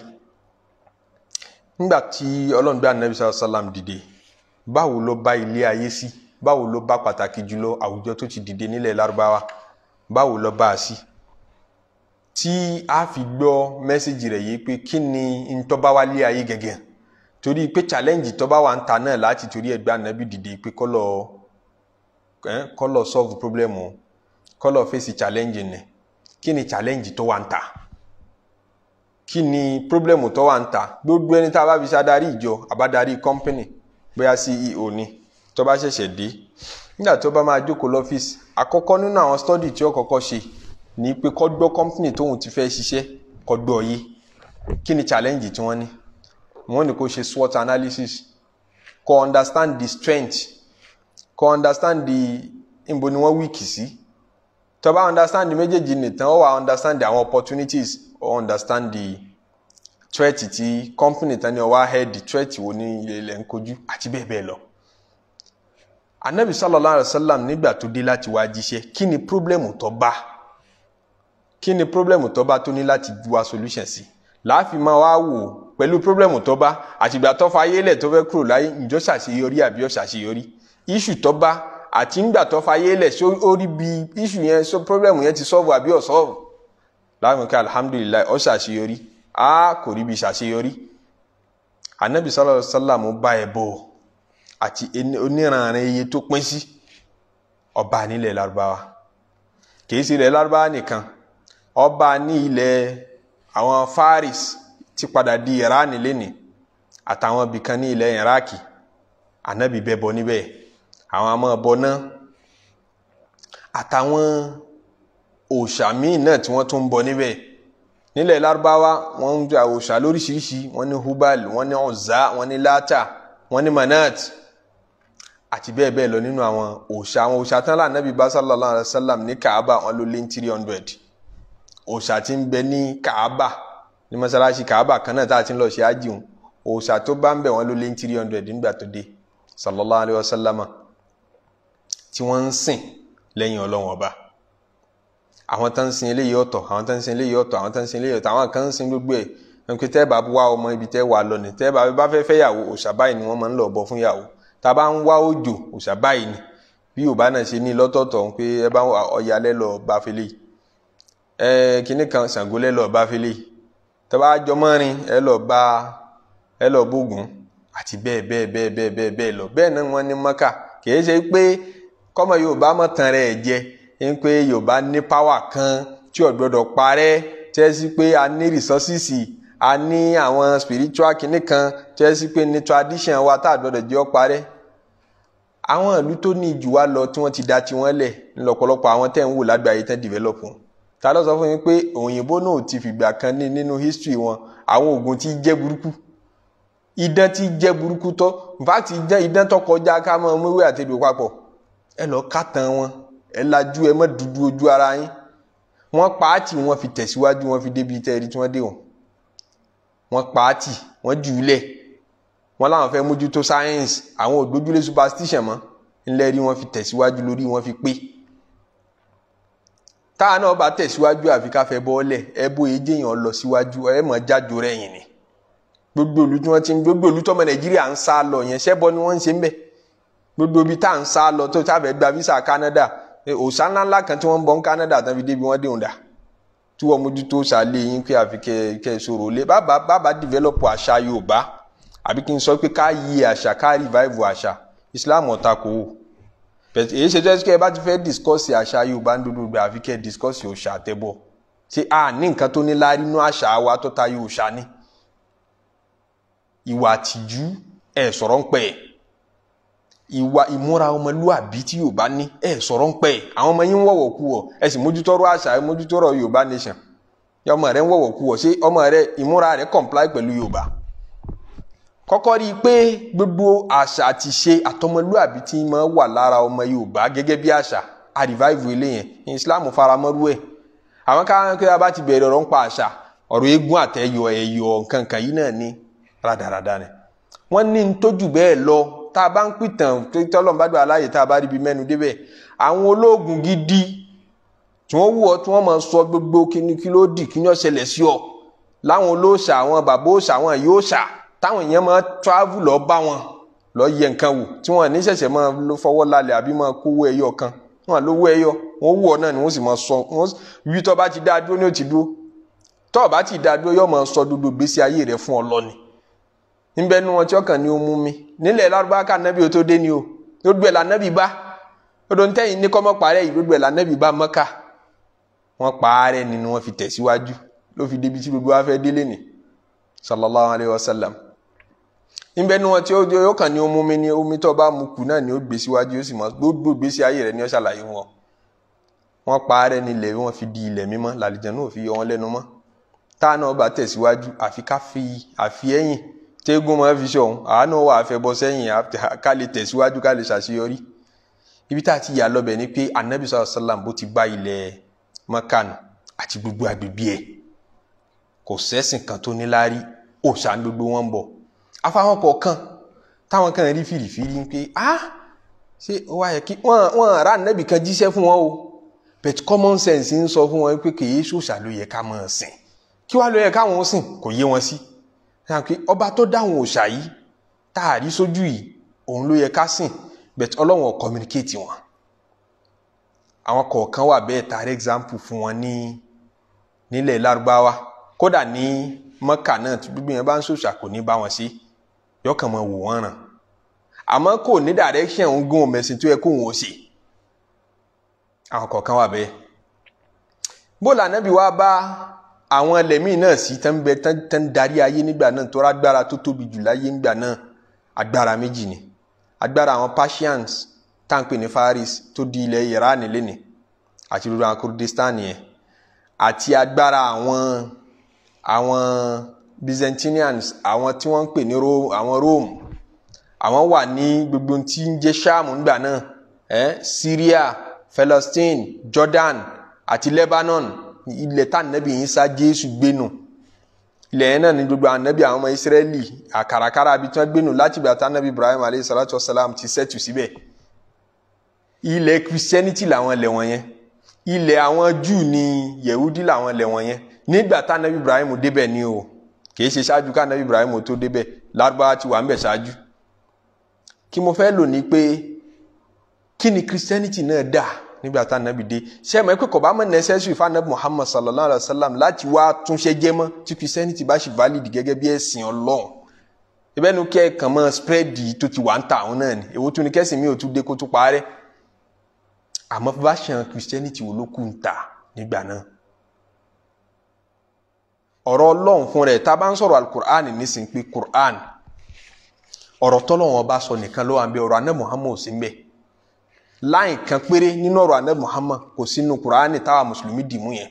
nígbà tí ọlọ́run gbé anabi sàlám dìde báwo ló bá ilé ayé sí báwo ló bá pàtàkì jùlọ àwùjọ tó ti dìde nílẹ̀ lárúbáwá báwo ló bá a sí tí a fi gbọ́ mẹ́sẹ̀gì rẹ̀ yìí pé kí ni ntọ́báwálé ayé gẹ́gẹ́ torí pé challenge tọ́ba wa ń ta náà láti torí ẹ̀ gbé anabi dìde pé kọ́lọ̀ kọ́lọ̀ solve problem kọ́lọ̀ face challenge ni kí ni challenge tó wa ń ta kí ni problem tó wà ń ta gbogbo ẹni tá a bá fi ṣàdarí ìjọ àbádarí company bóyá CEO ni tó bá ṣẹ̀ṣẹ̀ dé nígbà tó bá máa jókòó lọ́fíìsì àkọ́kọ́ nínú àwọn study tí ó kọ́kọ́ ṣe ni pé kó gbọ́ company tóun ti fẹ́ ṣiṣẹ́ kó gbọ́ yìí kí ni challenge tí wọ́n ní wọ́n ní kó ṣe SWOT analysis kó understand the strength kó understand the ìbò ni wọ́n wíìkì sí tó bá understand méjèèjì nìtàn ó wà understand àwọn opportunities or understand the threat ti company tani ọwọ ahẹ the threat wo ni ilẹ̀ ń kojú àti bẹ́ẹ̀ bẹ́ẹ̀ lọ. anabi sallallahu alayhi wa sallam nígbà tó dé láti wá jíṣẹ́ kí ni problem tó bá kí ni problem tó bá tó ní láti wá solution sí láàfin máa wá wò pẹ̀lú problem tó bá àtìgbà tó fa ayélẹ̀ tó fẹ́ kúrò láyé ǹjọ́ ṣàṣeyọrí àbí ọ̀ṣàṣeyọrí issue tó bá àti ńgbà tó fa ayélẹ̀ ṣó ó rí bí issue yẹn so problem yẹn ti solve àbí ọ̀ solve láwọn kí alhamdulilayi ó ṣàṣeyọrí a kò ríbi ṣàṣeyọrí anabi sallallahu alayhi wa sallam bá ẹ bọ àti oníranrin iye tó pín sí ọba nílẹ̀ Lárúbáwá kìí sí ilẹ̀ Lárúbáwá nìkan ọba ní ilẹ̀ àwọn Faris ti padà di Iran lẹ́nìí àtàwọn ibìkan ní ilẹ̀ Iraki anabi bẹ bọ níbẹ̀ àwọn amọ̀ bọ náà àtàwọn òòṣà míì náà tí wọ́n tún ń bọ níbẹ̀ nílẹ̀ lárúbáwá wọ́n ń ja òòṣà lóríṣiríṣi wọ́n ní hubal wọ́n ní ọ̀zá wọ́n ní láta wọ́n ní manat àti bẹ́ẹ̀ bẹ́ẹ̀ lọ nínú àwọn òòṣà àwọn òòṣà tán láà nábì bá sallallahu alayhi wa sallam ní kaaba wọn ló lé ní three hundred òòṣà tí ń bẹ ní kaaba ní mọ́sálásí kaaba kan náà tá a ti ń lọ ṣe ájì wọn òòṣà tó bá ń bẹ wọn ló lé ní three hundred nígbà sallallahu alayhi wa sallam tí wọ́n àwọn tó ń sin eléyìí ọ̀tọ̀ àwọn tó ń sin eléyìí ọ̀tọ̀ àwọn tó ń sin eléyìí ọ̀tọ̀ àwọn kan ń sin gbogbo ẹ̀ ẹnìkan tẹ́ bá wá ọmọ ibi tẹ́ wà lọ ni tẹ́ bá bá fẹ́ fẹ́ yàwó òòṣà báyìí ni wọ́n máa ń lọ bọ fún yàwó tá a bá ń wá òjò òòṣà báyìí ni bí Yorùbá náà ṣe ní lọ́tọ̀ọ̀tọ̀ ń pé ẹ bá Ọya lẹ́lọ bá fẹ́lẹ̀ ẹ kinní kan Ṣàngó lẹ́lọ bá fẹ́lẹ̀ tẹ́ bá jọ mọ́rin ẹ lọ bá ẹ lọ bógun àti bẹ́ẹ̀ bẹ́ẹ̀ bẹ́ẹ̀ bẹ́ẹ̀ bẹ́ẹ̀ lọ bẹ́ẹ̀ náà wọ́n ní Mọ́kà kì í ṣe pé kọ́mọ Yorùbá mọ̀ tán rẹ̀ jẹ́ ń pé yorùbá ní páwà kan tí ò gbọdọ̀ parẹ́ tẹ́sí pé a ní rìsọ́sìsì a ní àwọn spiritual kinní kan tẹ́sí pé ní tradition wa tá a gbọdọ̀ jẹ́ ọ parẹ́ àwọn ìlú tó ní ìjù wa lọ tí wọ́n ti da tiwọn lẹ̀ ńlọ́pọ̀lọpọ̀ àwọn tẹ́ ń wò lágbàáyé tẹ́ develop wọn ta ló sọ fún yín pé òyìnbó náà ti fìgbà kan ní nínú history wọn àwọn oògùn ti jẹ́ burúkú idán ti jẹ́ burúkú tọ́ vat idán tó kọjá ká mọ mú ìwé àtẹ̀dùn papọ̀ ẹ lọ ká tan wọn ẹ lajú ẹ má dúdú ojú ara yín wọ́n paati wọ́n fi tẹ̀síwájú wọ́n fi débi tẹ́ẹ̀rí tí wọ́n dé wọn wọ́n paati wọ́n jù ú lẹ̀ wọ́n láwọn fẹ́ mójútó science àwọn ògbójúlé superstition mọ́ ńlẹ́ rí wọ́n fi tẹ̀síwájú lórí wọ́n fi pé táà náà bá tẹ̀síwájú àfi ká fẹ́ bọ́ọ̀lẹ̀ ẹ bó e jẹ́yàn lọ síwájú ẹ mọ̀ jájo rẹ̀ yìí ni gbogbo ìlú tí wọ́n ti ń gbogbo ìlú tọ́mọ nàìjíríà ń sá lọ yẹn ṣẹ́bọ ni wọ́n ń ṣe ń bẹ̀ gbogbo ibi tá à ń sá lọ tó sáfẹ́ gba visa Canada òòṣà ńláńlá kan tí wọ́n ń bọ ní Canada tán fi débi wọ́n dé òun dà tí wọ́n mójútó sàlẹ̀ yín pé àfi kẹ́ kẹ́ sọ̀rọ̀ lé bàbá bàbá dìvẹ́lọ́pù àṣà Yorùbá àbí kí n sọ pé ká yí àṣà ká rìváìvù àṣà Islam ọ̀tá kò wò bẹ̀tẹ̀ èyí ṣe jẹ́ kí ẹ bá ti fẹ́ discourse àṣà Yorùbá dúdú gbà àfi kẹ́ discourse òòṣà àtẹ́bọ̀ ṣé a ní nǹkan tó ní láàrí inú àṣà wa tó ta Yorùbá ní ìwà àtijú ẹ̀ sọ̀rọ̀ ń pẹ̀ ẹ̀ ìwà ìmúra ọmọlúàbí tí yorùbá ní ẹ sọ̀rọ̀ ń pẹ́ ẹ̀ àwọn ọmọ yín ń wọ̀wọ̀ kú ọ ẹ sì mójútọ́rọ̀ àṣà ẹ mójútọ́rọ̀ yorùbá nation ọmọ rẹ ń wọ̀wọ̀ kú ọ ṣé ọmọ rẹ ìmúra rẹ comply pẹ̀lú yorùbá kọ́kọ́ rí i pé gbogbo àṣà àti ṣe àtọmọlúàbí tí máa wà lára ọmọ yorùbá gẹ́gẹ́ bí àṣà àrìváìvù ilé yẹn islam faramọ́rú ẹ̀ àwọn káwọn kí wọ́n bá ti bẹ̀rẹ̀ ọ̀rọ̀ ń pa àṣà ọ̀rọ̀ eégún àtẹ̀yọ ẹ̀yọ nǹkan kan yìí náà ní rádaràda ni wọ́n ní ń tójú bẹ́ẹ̀ lọ tá a bá ń pìtàn tọ́lọ́n bá gbà láàyè tá a bá ríbi mẹ́nu débẹ̀ àwọn olóògùn gidi tí wọ́n wù ọ́ tí wọ́n máa sọ gbogbo kíni kí ló dì kí ni sí ọ láwọn olóòṣà àwọn bàbá òòṣà àwọn ìyá òòṣà táwọn èèyàn máa travel lọ bá wọn lọ yẹ nǹkan wò tí wọn ní ṣẹ̀ṣẹ̀ máa fọwọ́ lálẹ́ àbí máa kówó ẹyọ kan wọn lówó ẹyọ wọn wù ọ náà ni wọn sì máa sọ wọn wí tó bá ti dá dúró ni ó ti dúró tó bá ti dá dúró yóò máa sọ dodo gbèsè ayé rẹ fún ọ lọ níbẹ̀ nu wọn tí ọkàn ni ó mú mi nílẹ̀ lárúbá ká nábì ó tó dé ni o lódú ẹ̀ lànàbì bá odò ntẹ́yìn ní kọ́mọ́ parẹ́ yìí lódú ẹ̀ lànàbì bá mọ́kà wọ́n parẹ́ nínú wọn fi tẹ̀síwájú ló fi débi tí gbogbo wa fẹ́ délé ni sallallahu alayhi wa sallam níbẹ̀ nu wọn tí ó kàn ni ó mú mi ni omi tó bá mu kù náà ni ó gbé síwájú ó sì mọ gbogbo gbèsè ayé rẹ̀ ni ó ṣàlàyé wọn wọ́n parẹ́ nílẹ̀ wọn fi di ilẹ̀ mímọ́ làlìjẹ́ náà fi yọ wọn lẹ́nu mọ́ táà náà bá tẹ̀síwájú àfi ká fi àfi ẹ̀yìn tẹ́gùn máa fi sọ̀hún àánú wà á fẹ́ bọ́ sẹ́yìn ká lè tẹ̀síwájú ká lè ṣàṣeyọrí ibi tá a ti yà lọ́bẹ̀ ni pé anabi sọ̀rọ̀ sálàm bó ti gbá ilẹ̀ mọ́kànù àti gbogbo agbègbè ẹ̀ kò sẹ́sìn kan tó níláárí òòṣà gbogbo wọn ń bọ̀ afáwọn kọ̀ọ̀kan táwọn kan rí fìrìfìrí ń pé ah ṣé ó wáyé kí wọ́n wọ́n ará anabi kan jíṣẹ́ fún wọn o but common sense ń sọ fún wọn pé kì í ṣòṣà ló yẹ ká máa sìn kí wàá ló yẹ káwọn sìn kò yé wọn sí. Si pé ọba tó dáhùn òòṣà yìí tá a rí sójú yìí òun ló yẹ ká sìn but ọlọ́run ò communicate wọn àwọn kọ̀ọ̀kan wà bẹ́ẹ̀ tààrí example fún wọn ní nílẹ̀ lárúbáwá kódà ní mọ́kà náà tí gbogbo yẹn bá ń ṣòṣà kò ní bá wọn sí yọkàn mọ wò wọn ràn àmọ́ kò ní direction ń gún ọmọẹ̀sìn tó yẹ kó wọn ò sí àwọn kọ̀ọ̀kan wà bẹ́ẹ̀ bó àwọn ẹlẹ́mìí náà sì tán bẹ tán darí ayé nígbà náà tó rágbára tó tóbi jù láyé nígbà náà agbára méjì ni agbára àwọn Persians táǹpẹ̀ ní Faris tó di ilẹ̀ Iran lẹ́nìí àti rúra Kurdistan yẹn àti agbára àwọn àwọn Byzantinians àwọn tí wọ́n ń pè ní àwọn Rome àwọn wà ní gbogbo tí ń jẹ́ Sham nígbà náà eh? Syria Palestine Jordan àti Lebanon ilẹ̀ tá ànábì yín sá jésù gbénu ilẹ̀ yẹn náà ni gbogbo ànábì àwọn ọmọ ìsírẹ́lì àkàràkàrà àbí tí wọ́n gbénu láti gbà tá ànábì ibrahim aleyhi salatu wasalam ti sẹ́tù síbẹ̀ ilẹ̀ christianity làwọn ilẹ̀ wọ̀nyẹn ilẹ̀ àwọn júù ni yehudi làwọn ilẹ̀ wọ̀nyẹn nígbà tá ànábì ibrahim débẹ̀ ni o kì í ṣe ṣáájú ká ànábì ibrahim tó débẹ̀ lárúbáwá ti wà ń bẹ̀ ṣáájú kí mo fẹ́ lò ní pé kí ni christianity náà dáa nígbà tá ànábì dé ṣé ẹ mọ̀ pé kò bá mọ̀ necessary fún ànábì Muhammad sallallahu alayhi wa sallam láti wá túnṣe jẹ́ mọ́ tí christianity bá ṣì valid gẹ́gẹ́ bí ẹ̀sìn ọlọ́run ìbẹ́nu kẹ́ kàn mọ́ spread tó ti wà ń ta àwọn náà ni èwo tún ni kẹ́sìn mi ò tún dé kó tún parẹ́ àmọ́ version christianity wo ló kù ń ta nígbà náà ọ̀rọ̀ ọlọ́run fún rẹ̀ tá a bá ń sọ̀rọ̀ alukur'an nísìnyí pé kur'an ọ̀rọ̀ tọ́lọ́run ọba sọ nìkan ló wà ń bẹ ọ̀rọ̀ láì kan péré nínú ọ̀rọ̀ anabi muhammad kò sínú kuraani táwa mùsùlùmí mú yẹn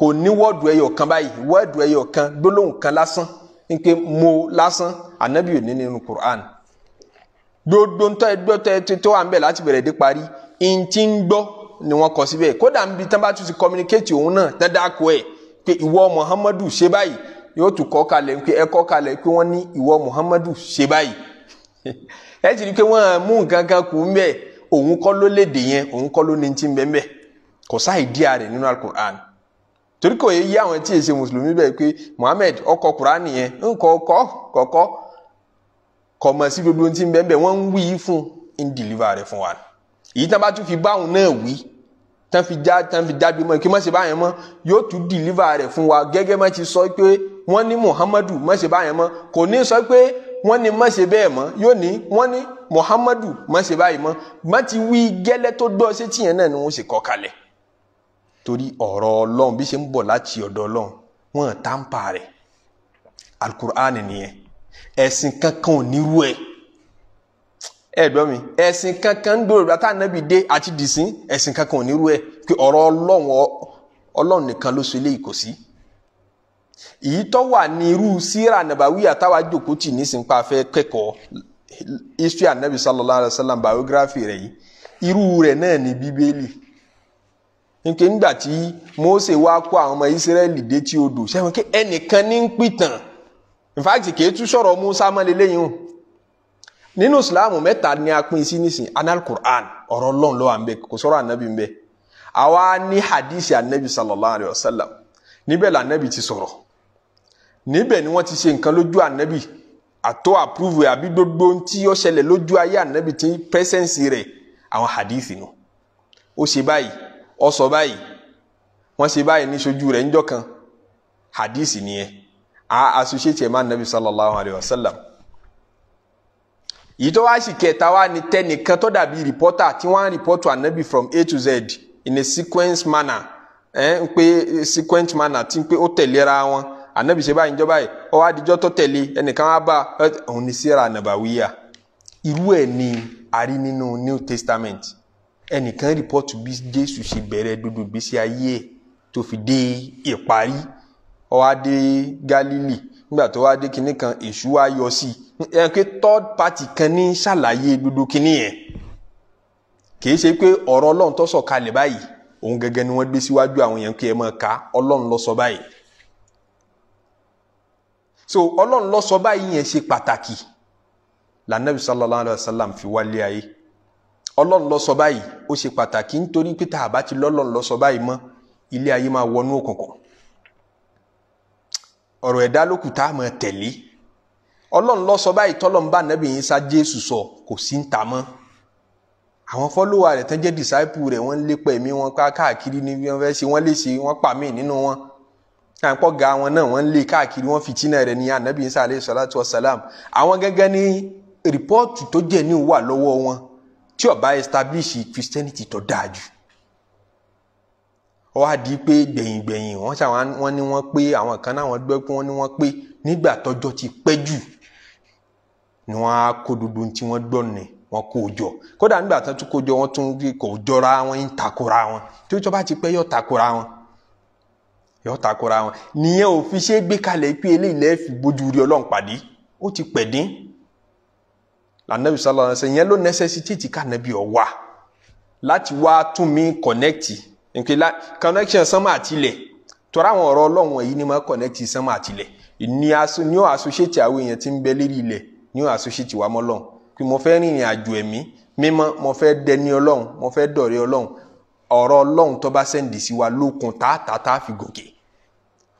kò ní wọ́ọ̀dù ẹyọ kan báyìí wọ́ọ̀dù ẹyọ kan gbólóhùn kan lásán ní pé mo lásán anabi ò ní nínú kuraani gbogbo ntọ́ bẹ̀rẹ̀ dé parí ntí ń wọ́n kọ kódà tán bá tún náà ẹ̀ pé ìwọ muhammadu òun kọ́ ló léde yẹn òun kọ́ ló ní ti bẹ́ẹ̀ kò sáà ìdíyà rẹ̀ nínú alukur'an torí kò yẹ yí àwọn tí èsè mùsùlùmí bẹ́ẹ̀ pé Muhammad ọkọ̀ kur'an yẹn ńkọ ọkọ̀ kọ̀kọ́ kọ̀ mọ̀ sí gbogbo ti bẹ́ẹ̀ wọ́n ń wí fún ń dìlíva rẹ̀ fún wa èyí tán bá tún fi báwọn náà wí tán fi já tán fi já bímọ kí mọ̀sẹ̀ báyẹn mọ́ yóò tún dìlíva rẹ̀ fún wa gẹ́gẹ́ mọ́ ti sọ pé wọ́n ní Muhammadu mọ̀sẹ̀ báyẹn mọ́ kò ní sọ pé wọ́n ní má ṣe bẹ́ẹ̀ mọ́ yóò ní wọ́n ní Muhammadu má ṣe báyìí mọ́ má ti wí gẹ́lẹ́ tó dọ́ ṣé tìyẹn náà ni wọ́n ṣe kọ́ kalẹ̀ torí ọ̀rọ̀ Ọlọ́run bí ṣe ń bọ̀ láti ọ̀dọ̀ Ọlọ́run wọ́n tàǹpà rẹ̀ alukur'ani nìyẹn ẹ̀sìn kankan ò nírú ẹ̀ ẹ gbọ́ mi ẹ̀sìn kankan ń gbòòrò bàtà nàbì dé àti dìsín ẹ̀sìn kankan ò nírú ẹ̀ pé ọ̀rọ̀ Ọlọ́run Ọlọ́run nìkan ló so eléyìí kò sí. èyí tó wà ní irú síra nàbàwí àtàwà jòkó tì anabi sallallahu alayhi wa sallam biography rẹ̀ yìí irú rẹ̀ náà ní bíbélì nke nígbà tí Mósè wá kó àwọn ọmọ Ísírẹ́lì dé tí kí ẹnìkan o nínú ni a pín sí nísìn anal Qur'an bẹ kò alayhi wa sallam níbẹ̀ ti níbẹ̀ ni wọ́n ti ṣe nǹkan lójú ànábì àtọ́ àpúrúvù àbí gbogbo ohun tí ó ṣẹlẹ̀ lójú ayé ànábì tí pẹ́sẹ̀nsì rẹ̀ àwọn hadith nu ó ṣe báyìí ó sọ báyìí wọ́n ṣe báyìí ní rẹ̀ ńjọ́ kan hadith nìyẹn a associate ẹ̀ máa sallallahu alayhi wa sallam yìí tó wá sì kẹta wá ní tẹnìkan tó dàbí rìpọ́tà tí wọ́n á rìpọ́tù ànábì from a to z in a sequence manner ẹ̀ ń pé sequence manner ti ń pé ó tẹ̀léra wọn anabi ṣe báyìí njọba yìí ọ wá dijọ́ tó tẹ̀lé ẹnìkan wá bá òun ní síra nàbàwíyà irú ẹ̀ ni a nínú new testament ẹnìkan rìpọ́tù bí jésù ṣe bẹ̀rẹ̀ dodo gbèsè ayé ẹ̀ tó fi dé ìparí ọ wá dé galilei nígbà tó wá dé kinní kan èṣù wá yọ sí i ẹ̀ pé third party kan ní ṣàlàyé dodo kinní yẹn kìí ṣe pé ọ̀rọ̀ ọlọ́run tó sọ̀ kalẹ̀ báyìí òun gẹ́gẹ́ ni wọ́n gbé síwájú àwọn yẹn pé ẹ máa ka ọlọ́run ló sọ báyìí so ọlọ́run ló sọ báyìí yẹn ṣe pàtàkì lànàbí sallallahu alayhi wa sallam fi wálé ayé ọlọ́run ló sọ báyìí ó ṣe pàtàkì nítorí pé tá a bá ti lọ́lọ́run ló sọ báyìí mọ́ ilé ayé máa wọnú òkùnkùn ọ̀rọ̀ ẹ̀dá lókù tá a máa tẹ̀lé ọlọ́run ló sọ báyìí tọ́lọ́run bá nàbí yín sá jésù sọ kò sí ń ta mọ́ àwọn fọ́lọ́wà rẹ̀ tán jẹ́ disciple rẹ̀ wọ́n lépa ẹ̀mí wọn káàkiri ní wọ́n fẹ́ ṣe wọ́n lè ṣe wọ́n pa nínú wọn àpọ̀ ga wọn náà wọ́n lé káàkiri wọ́n fìtínà rẹ̀ ní anabi isa alayhi salatu wa salam àwọn gẹ́gẹ́ ní rìpọ́ọ̀tù tó jẹ́ ní wà lọ́wọ́ wọn tí ó bá establish christianity tó dáa jù ó wá di pé gbẹ̀yìngbẹ̀yìn wọ́n ṣà wọ́n ní wọ́n pé àwọn kan náà wọ́n gbẹ́ pé wọ́n ní wọ́n pé nígbà tọ́jọ́ ti pẹ́ jù ni wọ́n á kó dúdú tí wọ́n gbọ́ ni wọ́n kó o jọ kódà nígbà tó tún kó o jọ wọ́n tún kò jọra wọn ń takora wọn tí ó tọ́ bá ti pẹ́ yọ takora wọn yóò takora wọn nìyẹn ò fi ṣe gbé kalẹ̀ pé eléyìí lẹ́ẹ̀ fi bójú rí ọlọ́run pàdé ó ti pẹ̀ dín lànàbí sálọ ṣe yẹn ló nẹ́sẹ̀sìtìtì kànàbí ọ̀wà láti wá tún mi kọ̀nẹ́kìtì nǹkan la connection sánmà àtìlẹ̀ tọ́ra àwọn ọ̀rọ̀ ọlọ́run yìí ni máa kọ̀nẹ́kìtì sánmà àtìlẹ̀ ní aso ní ó asosiyeti àwọn èèyàn tí ń bẹ lérí ilẹ̀ ní ó asosiyeti wa mọ́ pé mo fẹ́ rìnrìn àjò ẹ̀mí mímọ́ mo fẹ́ dẹni ọlọ́run mo fẹ́ dọ̀rẹ́ ọlọ́run ọ̀rọ̀ ọlọ́run tó bá sẹ́ǹdì sí wa lókun tààtà tá a fi gòkè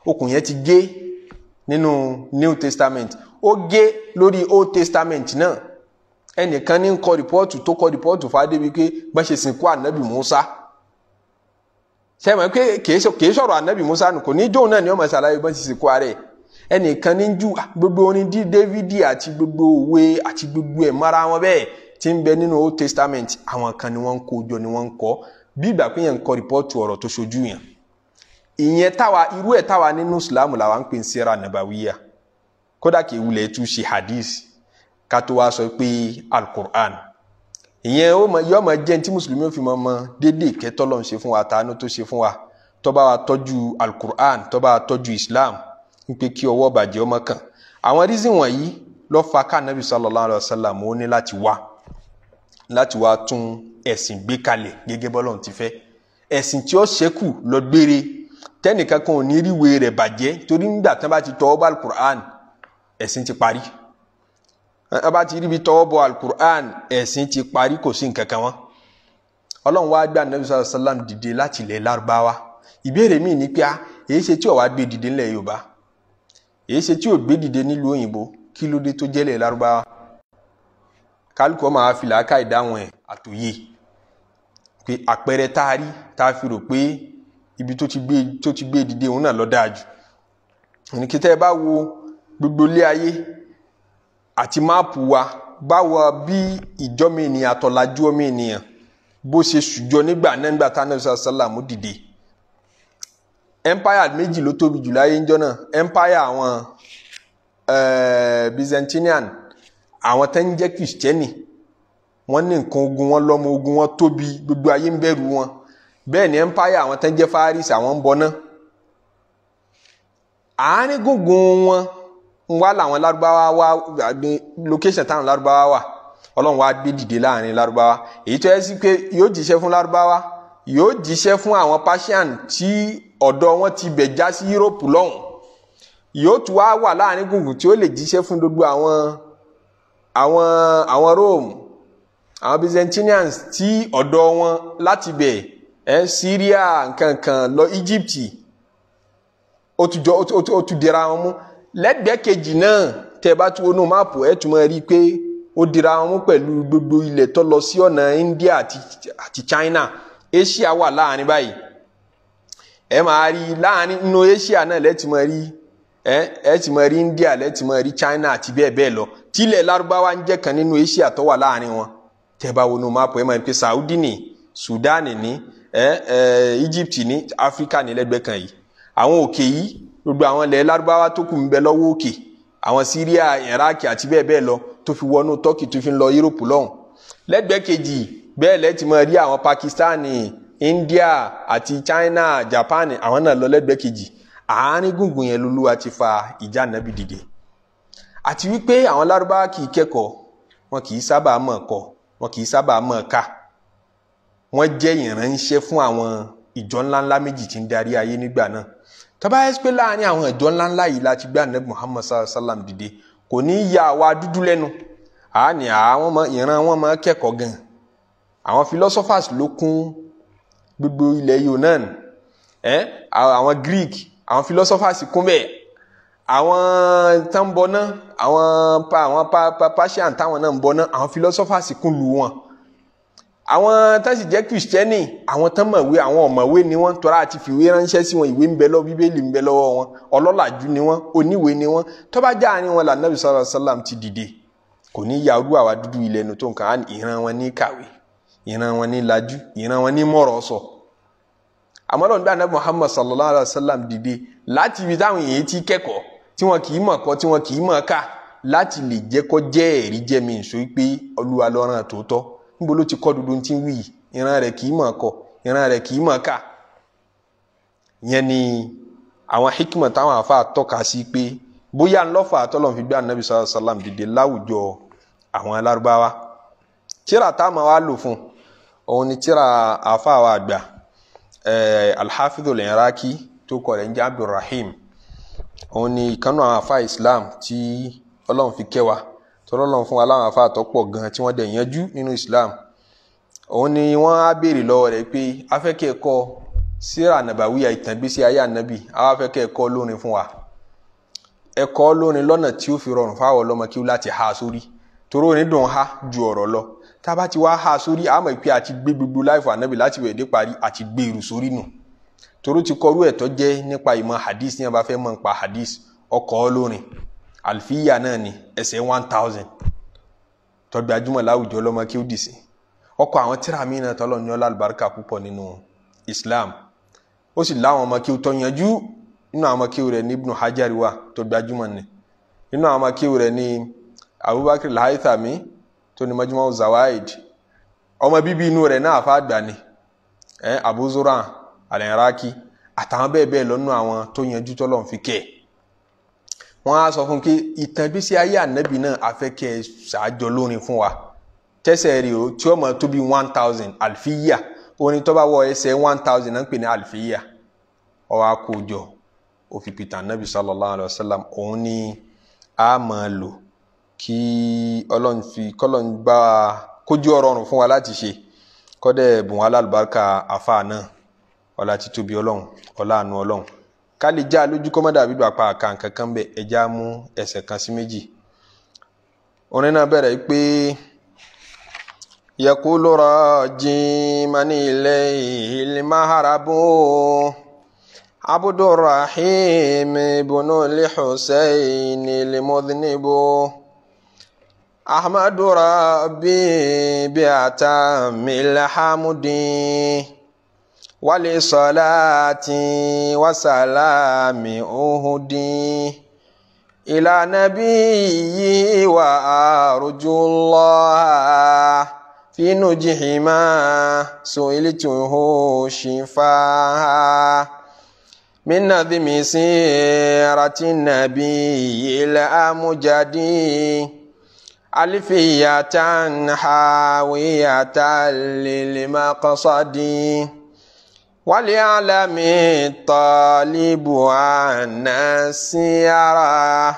okùn yẹn ti gé nínú New Testament ó gé lórí Old Testament náà ẹnìkan ní kọ rìpọ́ọ̀tù tó kọ rìpọ́ọ̀tù fàdébí pé bá ṣe sìnkú ànábì Musa sẹ́wọ̀n pé kìí sọ̀rọ̀ ànábì Musa nù ní jóun náà ni ọmọ ṣàlàyé bá ṣe sìnkú ààrẹ ẹnìkan ní jù gbogbo orin dí Dávídì àti gbogbo òwe àti gbogbo ẹ̀ mara wọn bẹ́ẹ̀ tí ń bẹ nínú Old Testament àwọn kan ni wọ́n ń kó jọ ni wọ́n ń kọ́ bí ìgbà pé yẹn ń kọ rìpọ́ọ̀tù ọ̀rọ̀ tó ṣojú yẹn ìyẹn táwa irú ẹ̀ táwa nínú islam làwa ń pè ń sira nabawiya kódà kì í wulẹ̀ ṣe hadith ká tó wá sọ pé alukur'an ìyẹn yóò máa jẹ́ tí mùsùlùmí ò fi mọ́ mọ́ déédéé kẹ́tọ́lọ́ ń ṣe fún wa tánú tó ṣe fún wa tó wa tọ́jú alukur'an tó wa tọ́jú islam ń pé kí ọwọ́ bàjẹ́ ọmọ kan àwọn rízìn wọ̀nyí ló fa ká anabi sallallahu alayhi wa sallam ó ní láti wá láti wá tún ẹ̀sìn gbé kalẹ̀ gẹ́gẹ́ bọ́lọ́run ti fẹ́ ẹ̀sìn tí ó ṣẹ́kù lọ gbére tẹnìkan kan ò ní rí ìwé rẹ̀ bàjẹ́ torí nígbà tí wọ́n bá ti tọwọ́ bọ̀ alukur'an ẹ̀sìn ti parí wọ́n bá ti rí ibi tọwọ́ bọ̀ alukur'an ẹ̀sìn ti parí kò sí nǹkan kan wọn ọlọ́run wá gbé anabi sallallahu alayhi dìde láti ilẹ̀ Lárúbáwá ìbéèrè míì ni pé a èyí ṣe tí ò wá gbé dìde nílẹ̀ Yorùbá èyí ṣe tí ò gbé dìde nílùú òyìnbó kí ló dé tó jẹ́lẹ̀ Lárúbáwá kálukú ọmọ àwọn afilà ká ìdáhùn ẹ̀ àtòyè pé àpẹẹrẹ tá rí tá a fi rò pé ibi tó ti gbé tó ti gbé dìde òun náà lọ dáa jù ìníkítẹ́ ẹ bá wo gbogbo ilé ayé àti máàpù wa báwo bí ìjọ́mi ènìyàn àtọ̀làjú ọmọ ènìyàn bó ṣe ṣùjọ nígbà náà nígbà tá náà sàlámù dìde empire méjì ló tóbi jù láyé ńjọ́ náà empire àwọn uh, Byzantinian àwọn tẹ́ ń jẹ́ kìrìsìtẹ́nì wọ́n ní nǹkan ogun wọn lọ́mọ ogun wọn tóbi gbogbo ayé ń bẹ̀rù wọn bẹ́ẹ̀ ni empire àwọn tán jẹ́ Faris àwọn ń bọná àárín gbùngbùn wọn ń wá làwọn lárúbáwá wá location táwọn lárúbáwá wà ọlọ́run wá gbé dìde láàrin lárúbáwá èyí tó yẹ sí pé yóò jíṣẹ́ fún lárúbáwá yóò jíṣẹ́ fún àwọn Persian tí ọ̀dọ̀ wọn ti bẹ̀ já sí Europe lọ́hùn yóò tún wá wà láàrin gbùngbùn tí ó lè jíṣẹ́ fún gbogbo àwọn àwọn àwọn Rome àwọn Byzantinians tí ọ̀dọ̀ wọn láti bẹ̀ẹ́ ẹ Syria nkankan lọ Egypt otu jọ otu otu dira wọn kejì náà tẹ́ bá tún wọnú pe ẹ tún máa pẹ̀lú gbogbo iletọ tó lọ India ati China Asia wà láàrin báyìí ẹ máa ẹ ẹ India China ati lọ larubawa kan Asia wà wọn Eh, eh, Egypt ní Africa ní lẹ́gbẹ̀ẹ́ kan yìí àwọn òkè yìí gbogbo àwọn ilẹ̀ lárúbáwá tó kù ń bẹ lọ́wọ́ òkè àwọn Syria Iraq àti bẹ́ẹ̀ bẹ́ẹ̀ lọ tó fi wọnú Turkey tó fi ń lọ Europe lọ́hùn lẹ́gbẹ̀ẹ́ kejì bẹ́ẹ̀ lẹ́tì mọ́ rí àwọn Pakistani India àti China Japan àwọn náà lọ lẹ́gbẹ̀ẹ́ kejì àárín gbùngbùn yẹn lolúwa ti fa ìjà nàbì dìde àti wípé àwọn lárúbáwá kì í kẹ́kọ̀ọ́ wọn kì í sábà mọ̀ kọ wọn kì í sábà mọ̀ ká wọ́n jẹ́ ìránṣẹ́ fún àwọn ìjọ ńláńlá méjì tí ń darí ayé nígbà náà tó bá yẹ pé láàrin àwọn ìjọ ńláńlá yìí láti gbé ànábì Muhammad sallallahu alayhi wa sallam dìde kò ní í ya àwa dúdú lẹ́nu àání àwọn ìran wọn máa kẹ́kọ̀ọ́ gan àwọn philosophers ló kún gbogbo ilẹ̀ Yunan ẹ àwọn Greek àwọn philosophers kún bẹ́ẹ̀ àwọn tán ń bọ náà àwọn pa àwọn pa pa Persian táwọn náà ń bọ náà àwọn philosophers kún lù wọn àwọn tán sì jẹ́ kìrìsìtẹ́nì àwọn tán mọ̀wé àwọn ọ̀mọ̀wé ni wọ́n tọ́ra àti fìwé ránṣẹ́ sí wọn ìwé ń bẹ lọ́wọ́ bíbélì ń bẹ lọ́wọ́ wọn ọlọ́làjú ni wọ́n oníwèé ni wọ́n tó bá já àárín wọn là nàbì sàlá sàlám ti dìde kò ní ya orú àwa dúdú ilẹ̀ ẹnu tó nǹkan ìran wọn ní kàwé ìran wọn ní lajú ìran wọn ní mọ̀rọ̀ sọ. àmọ́ lọ́nà dáná Muhammad sallallahu alayhi wa sallam dìde láti ibi táwọn èèyàn ti kẹ́kọ̀ọ́ tí wọn kì í mọ̀ kọ́ tí wọn kì í mọ̀ níbo ló ti kọ́ dúdú tí ń wí yìí ìran rẹ̀ kì í mọ̀ kọ ìran rẹ̀ kì í mọ̀ kà yẹn ni àwọn hikima táwọn afa tọ́ka sí pé bóyá ńlọ́fà tọ́lọ́n fi gbé anabi sallallahu alayhi wa sallam dìde láwùjọ àwọn alárúbáwá tíra táwọn wa lò fún òun ni tíra afa wa gbà eh, alhafidhu al tó kọ rẹ̀ abdulrahim òun ni ìkànnì àwọn afa islam tí ọlọ́run fi tọ́lọ́lọ́ fún wa láwọn afá àtọ́pọ̀ gan tí wọ́n dẹ̀ yanjú nínú Islam òun ni wọ́n á béèrè lọ́wọ́ rẹ̀ pé afẹ́kẹ́ ẹ̀kọ́ síra nàbàwíyà ìtàngbésí ayé ànábì àwọn afẹ́kẹ́ ẹ̀kọ́ lórin fún wa ẹ̀kọ́ lórin lọ́nà tí ó fi rọrùn fáwọn ọlọ́mọ kí ó láti ha sórí toró ní dùn ha ju ọ̀rọ̀ lọ tá ti wá ha sórí àmọ́ ìpè àti gbé gbogbo láìfọ ànábì láti bẹ̀rẹ̀ parí àti gbé irú sórí nù toró ti kọrú ẹ̀tọ́ jẹ́ nípa ìmọ̀ hadith ní abáfẹ́ mọ̀ nípa hadith ọkọ̀ lórin àlùfíyà náà ni ẹsẹ̀ one thousand tó gbajúmọ̀ láwùjọ lọ́mọ kí ó dì sí ọkọ̀ àwọn tíra mi náà tọ́lọ̀ ní ọlá àlùbáríkà púpọ̀ nínú Islam ó sì láwọn ọmọ kí ó tọ́ yanjú nínú àwọn ọmọ kí ó rẹ̀ ní Ibn Hajar wa tó gbajúmọ̀ ni nínú àwọn ọmọ kí ó rẹ̀ ní Abubakar al-Haythami tó ní Majmu' Zawaid ọmọ bíbí inú rẹ̀ náà àfa àgbà ni Abu Zur'a al-Iraqi àtàwọn bẹ́ẹ̀ bẹ́ẹ̀ lọ́nú àwọn tó yanjú tọ́lọ̀ ń fi kẹ́ ẹ̀ wọ́n á sọ fún kí ìtàngbésí ayé ànábì náà afẹ́kẹ́ ṣáájọ lórin fún wa tẹ́sẹ̀ rí o tí ó tó bí one thousand àlfíyà orin tó bá wọ ẹsẹ̀ one thousand náà ń pè ní àlfíyà ó àkójọ òfin peter ànábì sallallahu alayhi wa sallam òun ni a máa lò kí ọlọ́run fi kọ́lọ́run gbá kójú ọ̀rọ̀rùn fún wa láti ṣe kọ́dẹ̀ bùn alálùbáríkà àfa náà ọlá ọlọ́run ọlá ọlọ́run ká lè já lójú kọ́mọ́dà bíbà pa àka nǹkan kan bẹ̀ ẹja mú ẹsẹ̀ kan sí méjì orin náà bẹ̀rẹ̀ pé yakulu rajimani ilayhil maharabu abdurrahim bunu lihusaini limudhnibu ahmadu rabbi bi'atamil hamdi. ولصلاتي وسلامي أهدي إلى نبيي وأرجو الله في نجح ما سئلته شفاها من نظم سيرة النبي الأمجد ألفية حاوية للمقصد وليعلم الطالب أن السيارة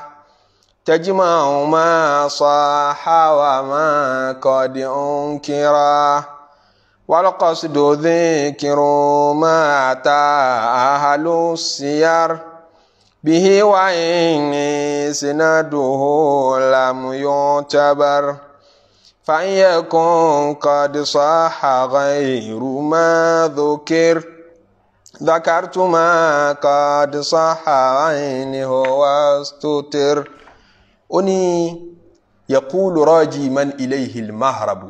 تجمع ما صاح وما قد أنكرا والقصد ذكر ما أتى أهل السير به وإن سنده لم يعتبر فإن يكن قد صح غير ما ذكر ذكرتما ما قد صح عنه واستتر أني يقول راجي من إليه المهرب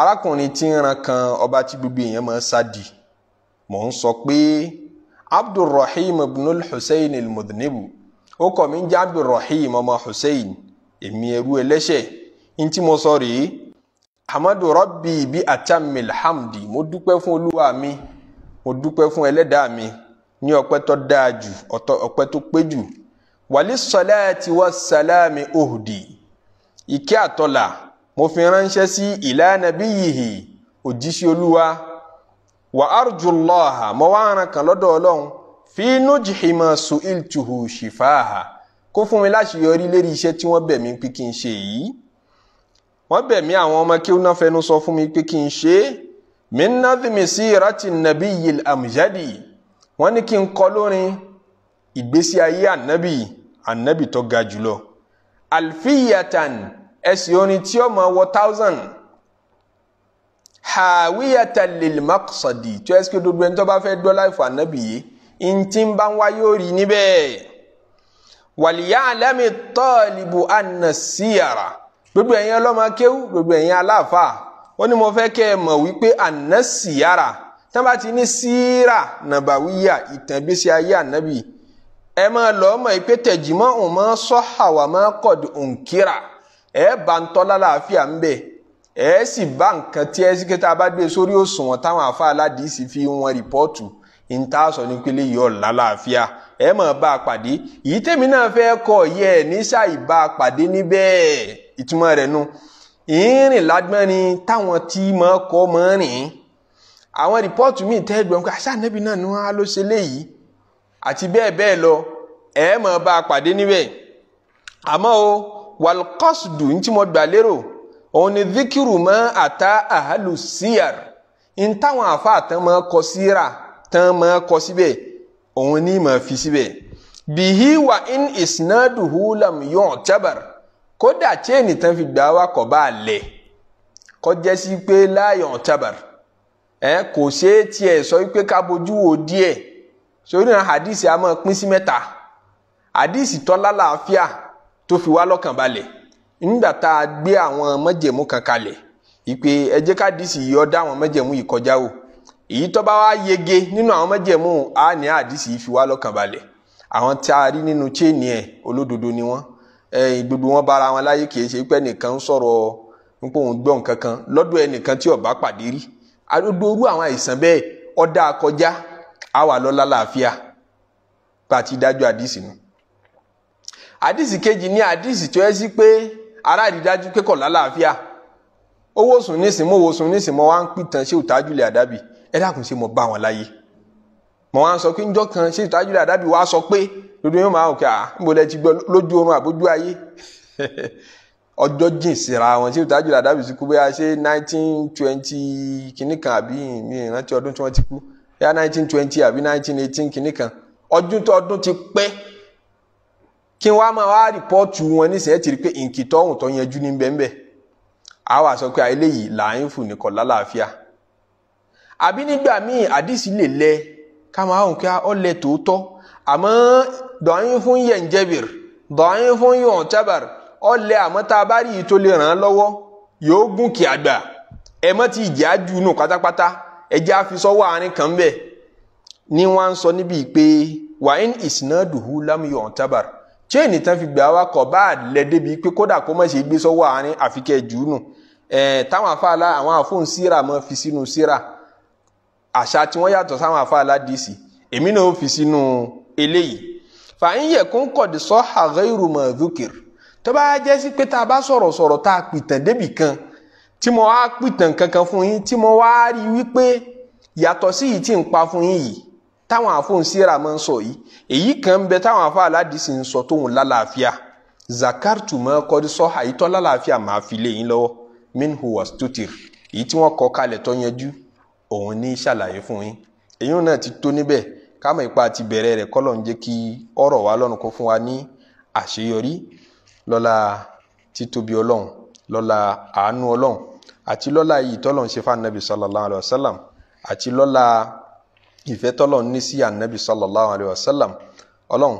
arákùnrin tí ń ran kan ọba tí gbogbo èèyàn máa ń sádi mò ń sọ pé abdulrahim ibnul hussein al-mudnibu ó kọ mí ń jẹ́ abdulrahim ọmọ hussein èmi ẹrú ẹlẹ́ṣẹ̀ ní tí mo sọ rèé hamadu rabbi bi atamil hamdi mo dúpẹ́ fún olúwa mi mo dúpẹ́ fún ẹlẹ́dàá mi ní ọpẹ́ tó dáa jù ọpẹ́ tó pé jù wàlí sọláàtì wà sàlámì òhùdì ìkẹ́ àtọ́là mo fi ránṣẹ́ sí ìlànà bí yìí òjíṣẹ́ olúwa wà arjùlọ́ha mo wá ara kan lọ́dọ̀ ọlọ́run fi nujhi ma su'iltuhu shifaha kó fún mi láṣeyọrí lérí iṣẹ́ tí wọ́n bẹ̀ mí pé kí n ṣe yìí wọ́n bẹ̀ mí àwọn ọmọ kí ó náà fẹnu sọ fún mi pé kí n ṣe é min nadhmi sirati nabiyil amjadi wọ́n ní kí n kọ lórin ìgbésí ayé ànábì ànábì tó ga jùlọ alfiyatan ẹsẹ̀ orin tí ó máa thousand hawiyatan lil maqsadi tí ó ẹsẹ̀ gbogbo ẹni tó bá fẹ́ dọ́là ìfọ̀ ànábì yìí ntí ń bá ń wá yóò rí níbẹ̀ wàlíyàlámi tọ́ọ̀lìbù ànà síyàrá gbogbo ẹ̀yin ọlọ́mọ akéwù gbogbo ẹ̀yin aláàfáà wọ́n ní mo fẹ́ kẹ́ ẹ mọ̀ wípé àná síyára tí wọ́n bá ti ní síra nàbàwíyà ìtàngbésí ayé ànábì ẹ máa lọ mọ̀ pé tẹ̀jìmọ́ òun máa sọ àwà máa kọ̀ òǹkíra ẹ bá ń tọ́lá láàfíà ń bẹ̀ ẹ sì bá nǹkan tí ẹ sì kẹta bá gbé sórí òṣùwọ̀n táwọn àfa aládìí sì fi wọn rìpọ́ọ̀tù ìta sọ ní pélé yìí ọ̀la láàfíà ẹ mọ̀ bá a pàdé yìí tèmi náà fẹ́ kọ̀ yẹ ẹ̀ ní sáì bá a pàdé níbẹ̀ ìtumọ̀ rẹ̀ nu. No ìrìn lágbọ́n ni táwọn tí mọ́ kọ́ mọ́ rìn àwọn rìpọ́ọ̀tù míì tẹ́gbọ̀n pé àṣà nẹ́bí náà ni wọ́n á ló ṣe léyìí àti bẹ́ẹ̀ bẹ́ẹ̀ lọ ẹ mọ̀ bá a pàdé níbẹ̀ àmọ́ o wàlúkọ́sùdù ní tí mo gbà lérò òun ni díkìrù mọ́ àtà àhálù síyàr ní táwọn àfáà tán mọ́ kọ síra tán mọ́ kọ síbẹ̀ òun ni mọ̀ fi síbẹ̀ bìhí wà in ìsìnàdùhù lam yọ̀ọ́ jábàrà kódà chain tán fi gbà wá kọ̀ bá lẹ̀ kọjá sí pé láàyàn tabar ẹ kò ṣeé tiẹ̀ sọ pé ká bojú wo díẹ̀ sórí náà hadisi a máa pín sí mẹ́ta hadisi tọ́lá làáfíà tó fi wá lọ́kàn balẹ̀ nígbà tá a gbé àwọn mọ́jẹ̀mú kan kalẹ̀ ìpè ẹ jẹ́ ká hadisi yìí ó dá àwọn mọ́jẹ̀mú yìí kọjá o èyí tó bá wá yege nínú àwọn mọ́jẹ̀mú a ní hadisi yìí fi wá lọ́kàn balẹ̀ àwọn tá a rí nínú chain yẹn olódodo ni wọ́n gbogbo wọn bára wọn láyé kì í ṣe pé ẹnìkan ń sọ̀rọ̀ nípa òun gbọ́ nǹkan kan lọ́dọ̀ ẹnìkan tí ó bá pàdé rí adódórú àwọn àìsàn bẹ́ẹ̀ ọ̀dà akọjá á wà lọ́lá làáfíà bá a ti dájú àdìsí nu àdìsí kejì ní àdìsí tó yẹ sí pé ará àrídájú pé kọ̀ lálàáfíà owó sùn nísìmọ́ owó sùn nísìmọ́ wa ń pìtàn ṣé òtájúlẹ̀ àdábì ẹ dákun ṣe mọ̀ bá wọn láyé mo wá ń sọ pé njọ́ kan ṣé ìtajúdà àdábì wa sọ pé lójú yóò máa òkè à níbo lẹ ti gbọ́ lójú oorun àbójú ayé ọjọ́ jìn síra wọn ṣé ìtajúdà àdábì ti kú bóyá ṣe nineteen twenty kìíní kan àbí mi ìrántí ọdún tí wọ́n ti kú bóyá nineteen twenty àbí nineteen eighteen kìíní kan ọdún tó ọdún ti pẹ́ kí wọ́n á máa wá rìpọ́ọ̀tù wọn nísìnyẹ́ ti rí pé nkìtọ́ ọ̀hún tó yẹjú ní bẹ́ẹ̀ a wá sọ pé eléyìí làáyín fún nìkan lálàáfíà àbí nígbà míì àdìsí lè lẹ Kama máa hàn kí ọ lẹ tòótọ́ àmọ́ dọ̀yìn fún yẹ̀ǹjẹ̀bìr dọ̀yìn fún yọ̀ǹtẹ́bàr ọ lẹ àmọ́ tá a bá rí yìí tó lè ràn án lọ́wọ́ yóò gùn kí àgbà ẹ mọ́ kan bẹ́ẹ̀ ni wọ́n ń sọ níbi pé wàhín ìsìnàdùhù lámúyọ̀ ọ̀ǹtẹ́bàr chain tán fi gbà wá kọ̀ bá àlẹ́ débi pé kódà kó má ṣe gbé sọ́wọ́ àárín àfikẹ́ jù nù táwọn afáàlà àwọn àfóhùn síra fi sínú síra. Si àṣà tí wọ́n yàtọ̀ sáwọn àfa aládìsí èmi náà fi sínú eléyìí fàáyín yẹ̀kún kọ̀dí sọ àgẹ́rù mọ̀ọ́dúkìr tó bá jẹ́ sí pé tá a bá sọ̀rọ̀ sọ̀rọ̀ tá a pìtàn débì kan tí mo wá pìtàn kankan fún yín tí mo wá rí wípé yàtọ̀ sí yìí tí ń pa fún yín yìí táwọn àfọ̀nsíra máa ń sọ yìí èyí kan bẹ táwọn àfa aládìsí ń sọ tóun lálàáfíà Zakar mọ́ kọ́dí sọ àyítọ́ lálàáfíà máa fi lé yín lọ́wọ́ minhu was tutir èyí tí wọ́n kọ kalẹ̀ tó yanjú òun ní ṣàlàyé fún yín èyí náà ti tó níbẹ̀ kámọ̀ ipa ti bẹ̀rẹ̀ rẹ̀ kọ́lọ̀ ń jẹ́ kí ọ̀rọ̀ wa lọ́rùn kó fún wa ní àṣeyọrí lọ́la títóbi ọlọ́run lọ́la àánú ọlọ́run àti lọ́la yìí tọ́lọ́run ṣe fún anabi sallallahu alayhi wa sallam àti lọ́la ìfẹ́ tọ́lọ́run ní sí anabi sallallahu alayhi wa sallam ọlọ́run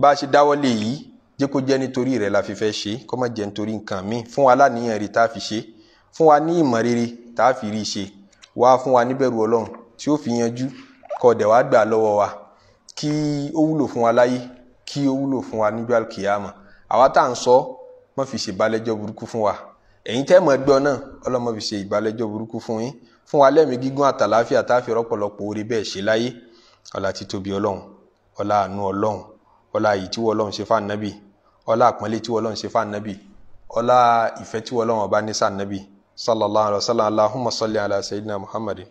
bá a ṣe dáwọ́lé yìí jẹ́ kó jẹ́ nítorí rẹ̀ la fi fẹ́ ṣe kó má jẹ́ nítorí nǹkan míì fún wa láníyàn tá a fi ṣe fún wa ní ìmọ̀ rere tá a fi rí ṣe wá fún wa níbẹ̀rù ọlọ́run tí ó fi yanjú kó dẹ̀ wá gbà lọ́wọ́ wa kí ó wúlò fún wa láyé kí ó wúlò fún wa níjọ́ àlùkìyàmọ̀ àwa tá à ń sọ mọ́ fi ṣe ìbálẹ́jọ́ burúkú fún wa ẹ̀yin tẹ́ mọ̀ gbọ́ náà ọlọ́mọ fi ṣe ìbálẹ́jọ́ burúkú fún yín fún wa lẹ́mìí gígùn àtàláfíà tá a fi rọ́pọ̀lọpọ̀ oore bẹ́ẹ̀ ṣe láyé ọlá títóbi ọlọ́run ọlá àánú ọlọ́run ọlá yìí tí wọ́n lọ́run ṣe fáànàbì ọlá àpọ́nlé tí wọ́n lọ́run ṣe fáànàbì ọlá ìfẹ́ tí wọ́n lọ́run ọba ní sànàbì صلى الله عليه وسلم اللهم صل على سيدنا محمد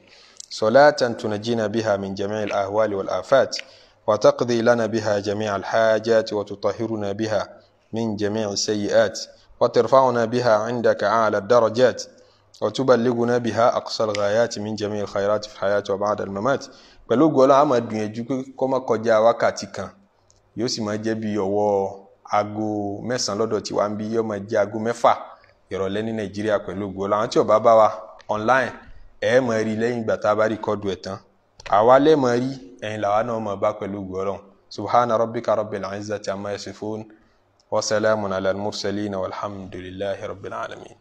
صلاة تنجينا بها من جميع الأهوال والآفات وتقضي لنا بها جميع الحاجات وتطهرنا بها من جميع السيئات وترفعنا بها عندك أعلى الدرجات وتبلغنا بها أقصى الغايات من جميع الخيرات في الحياة وبعد الممات pẹ̀lú ògo ọlọ́run a máa gbìyànjú pé kó má kọjá wákàtí kan yóò sì máa jẹ́ bí ọwọ́ ìrọ̀lẹ́ ní nàìjíríà pẹ̀lú ògbó làwọn tí ọba bá wa online ẹ ẹ mọ̀ rí lẹ́yìn ìgbà tá a bá rìkọ́dù ẹ̀ tán àwa lẹ́mọ̀ rí ẹ̀yìn làwa náà mọ̀ bá pẹ̀lú ògbó ọlọ́run subhana rabbika rabbil izzati amma yasifun wa salamun ala al-mursalin walhamdulillahi rabbil alamin.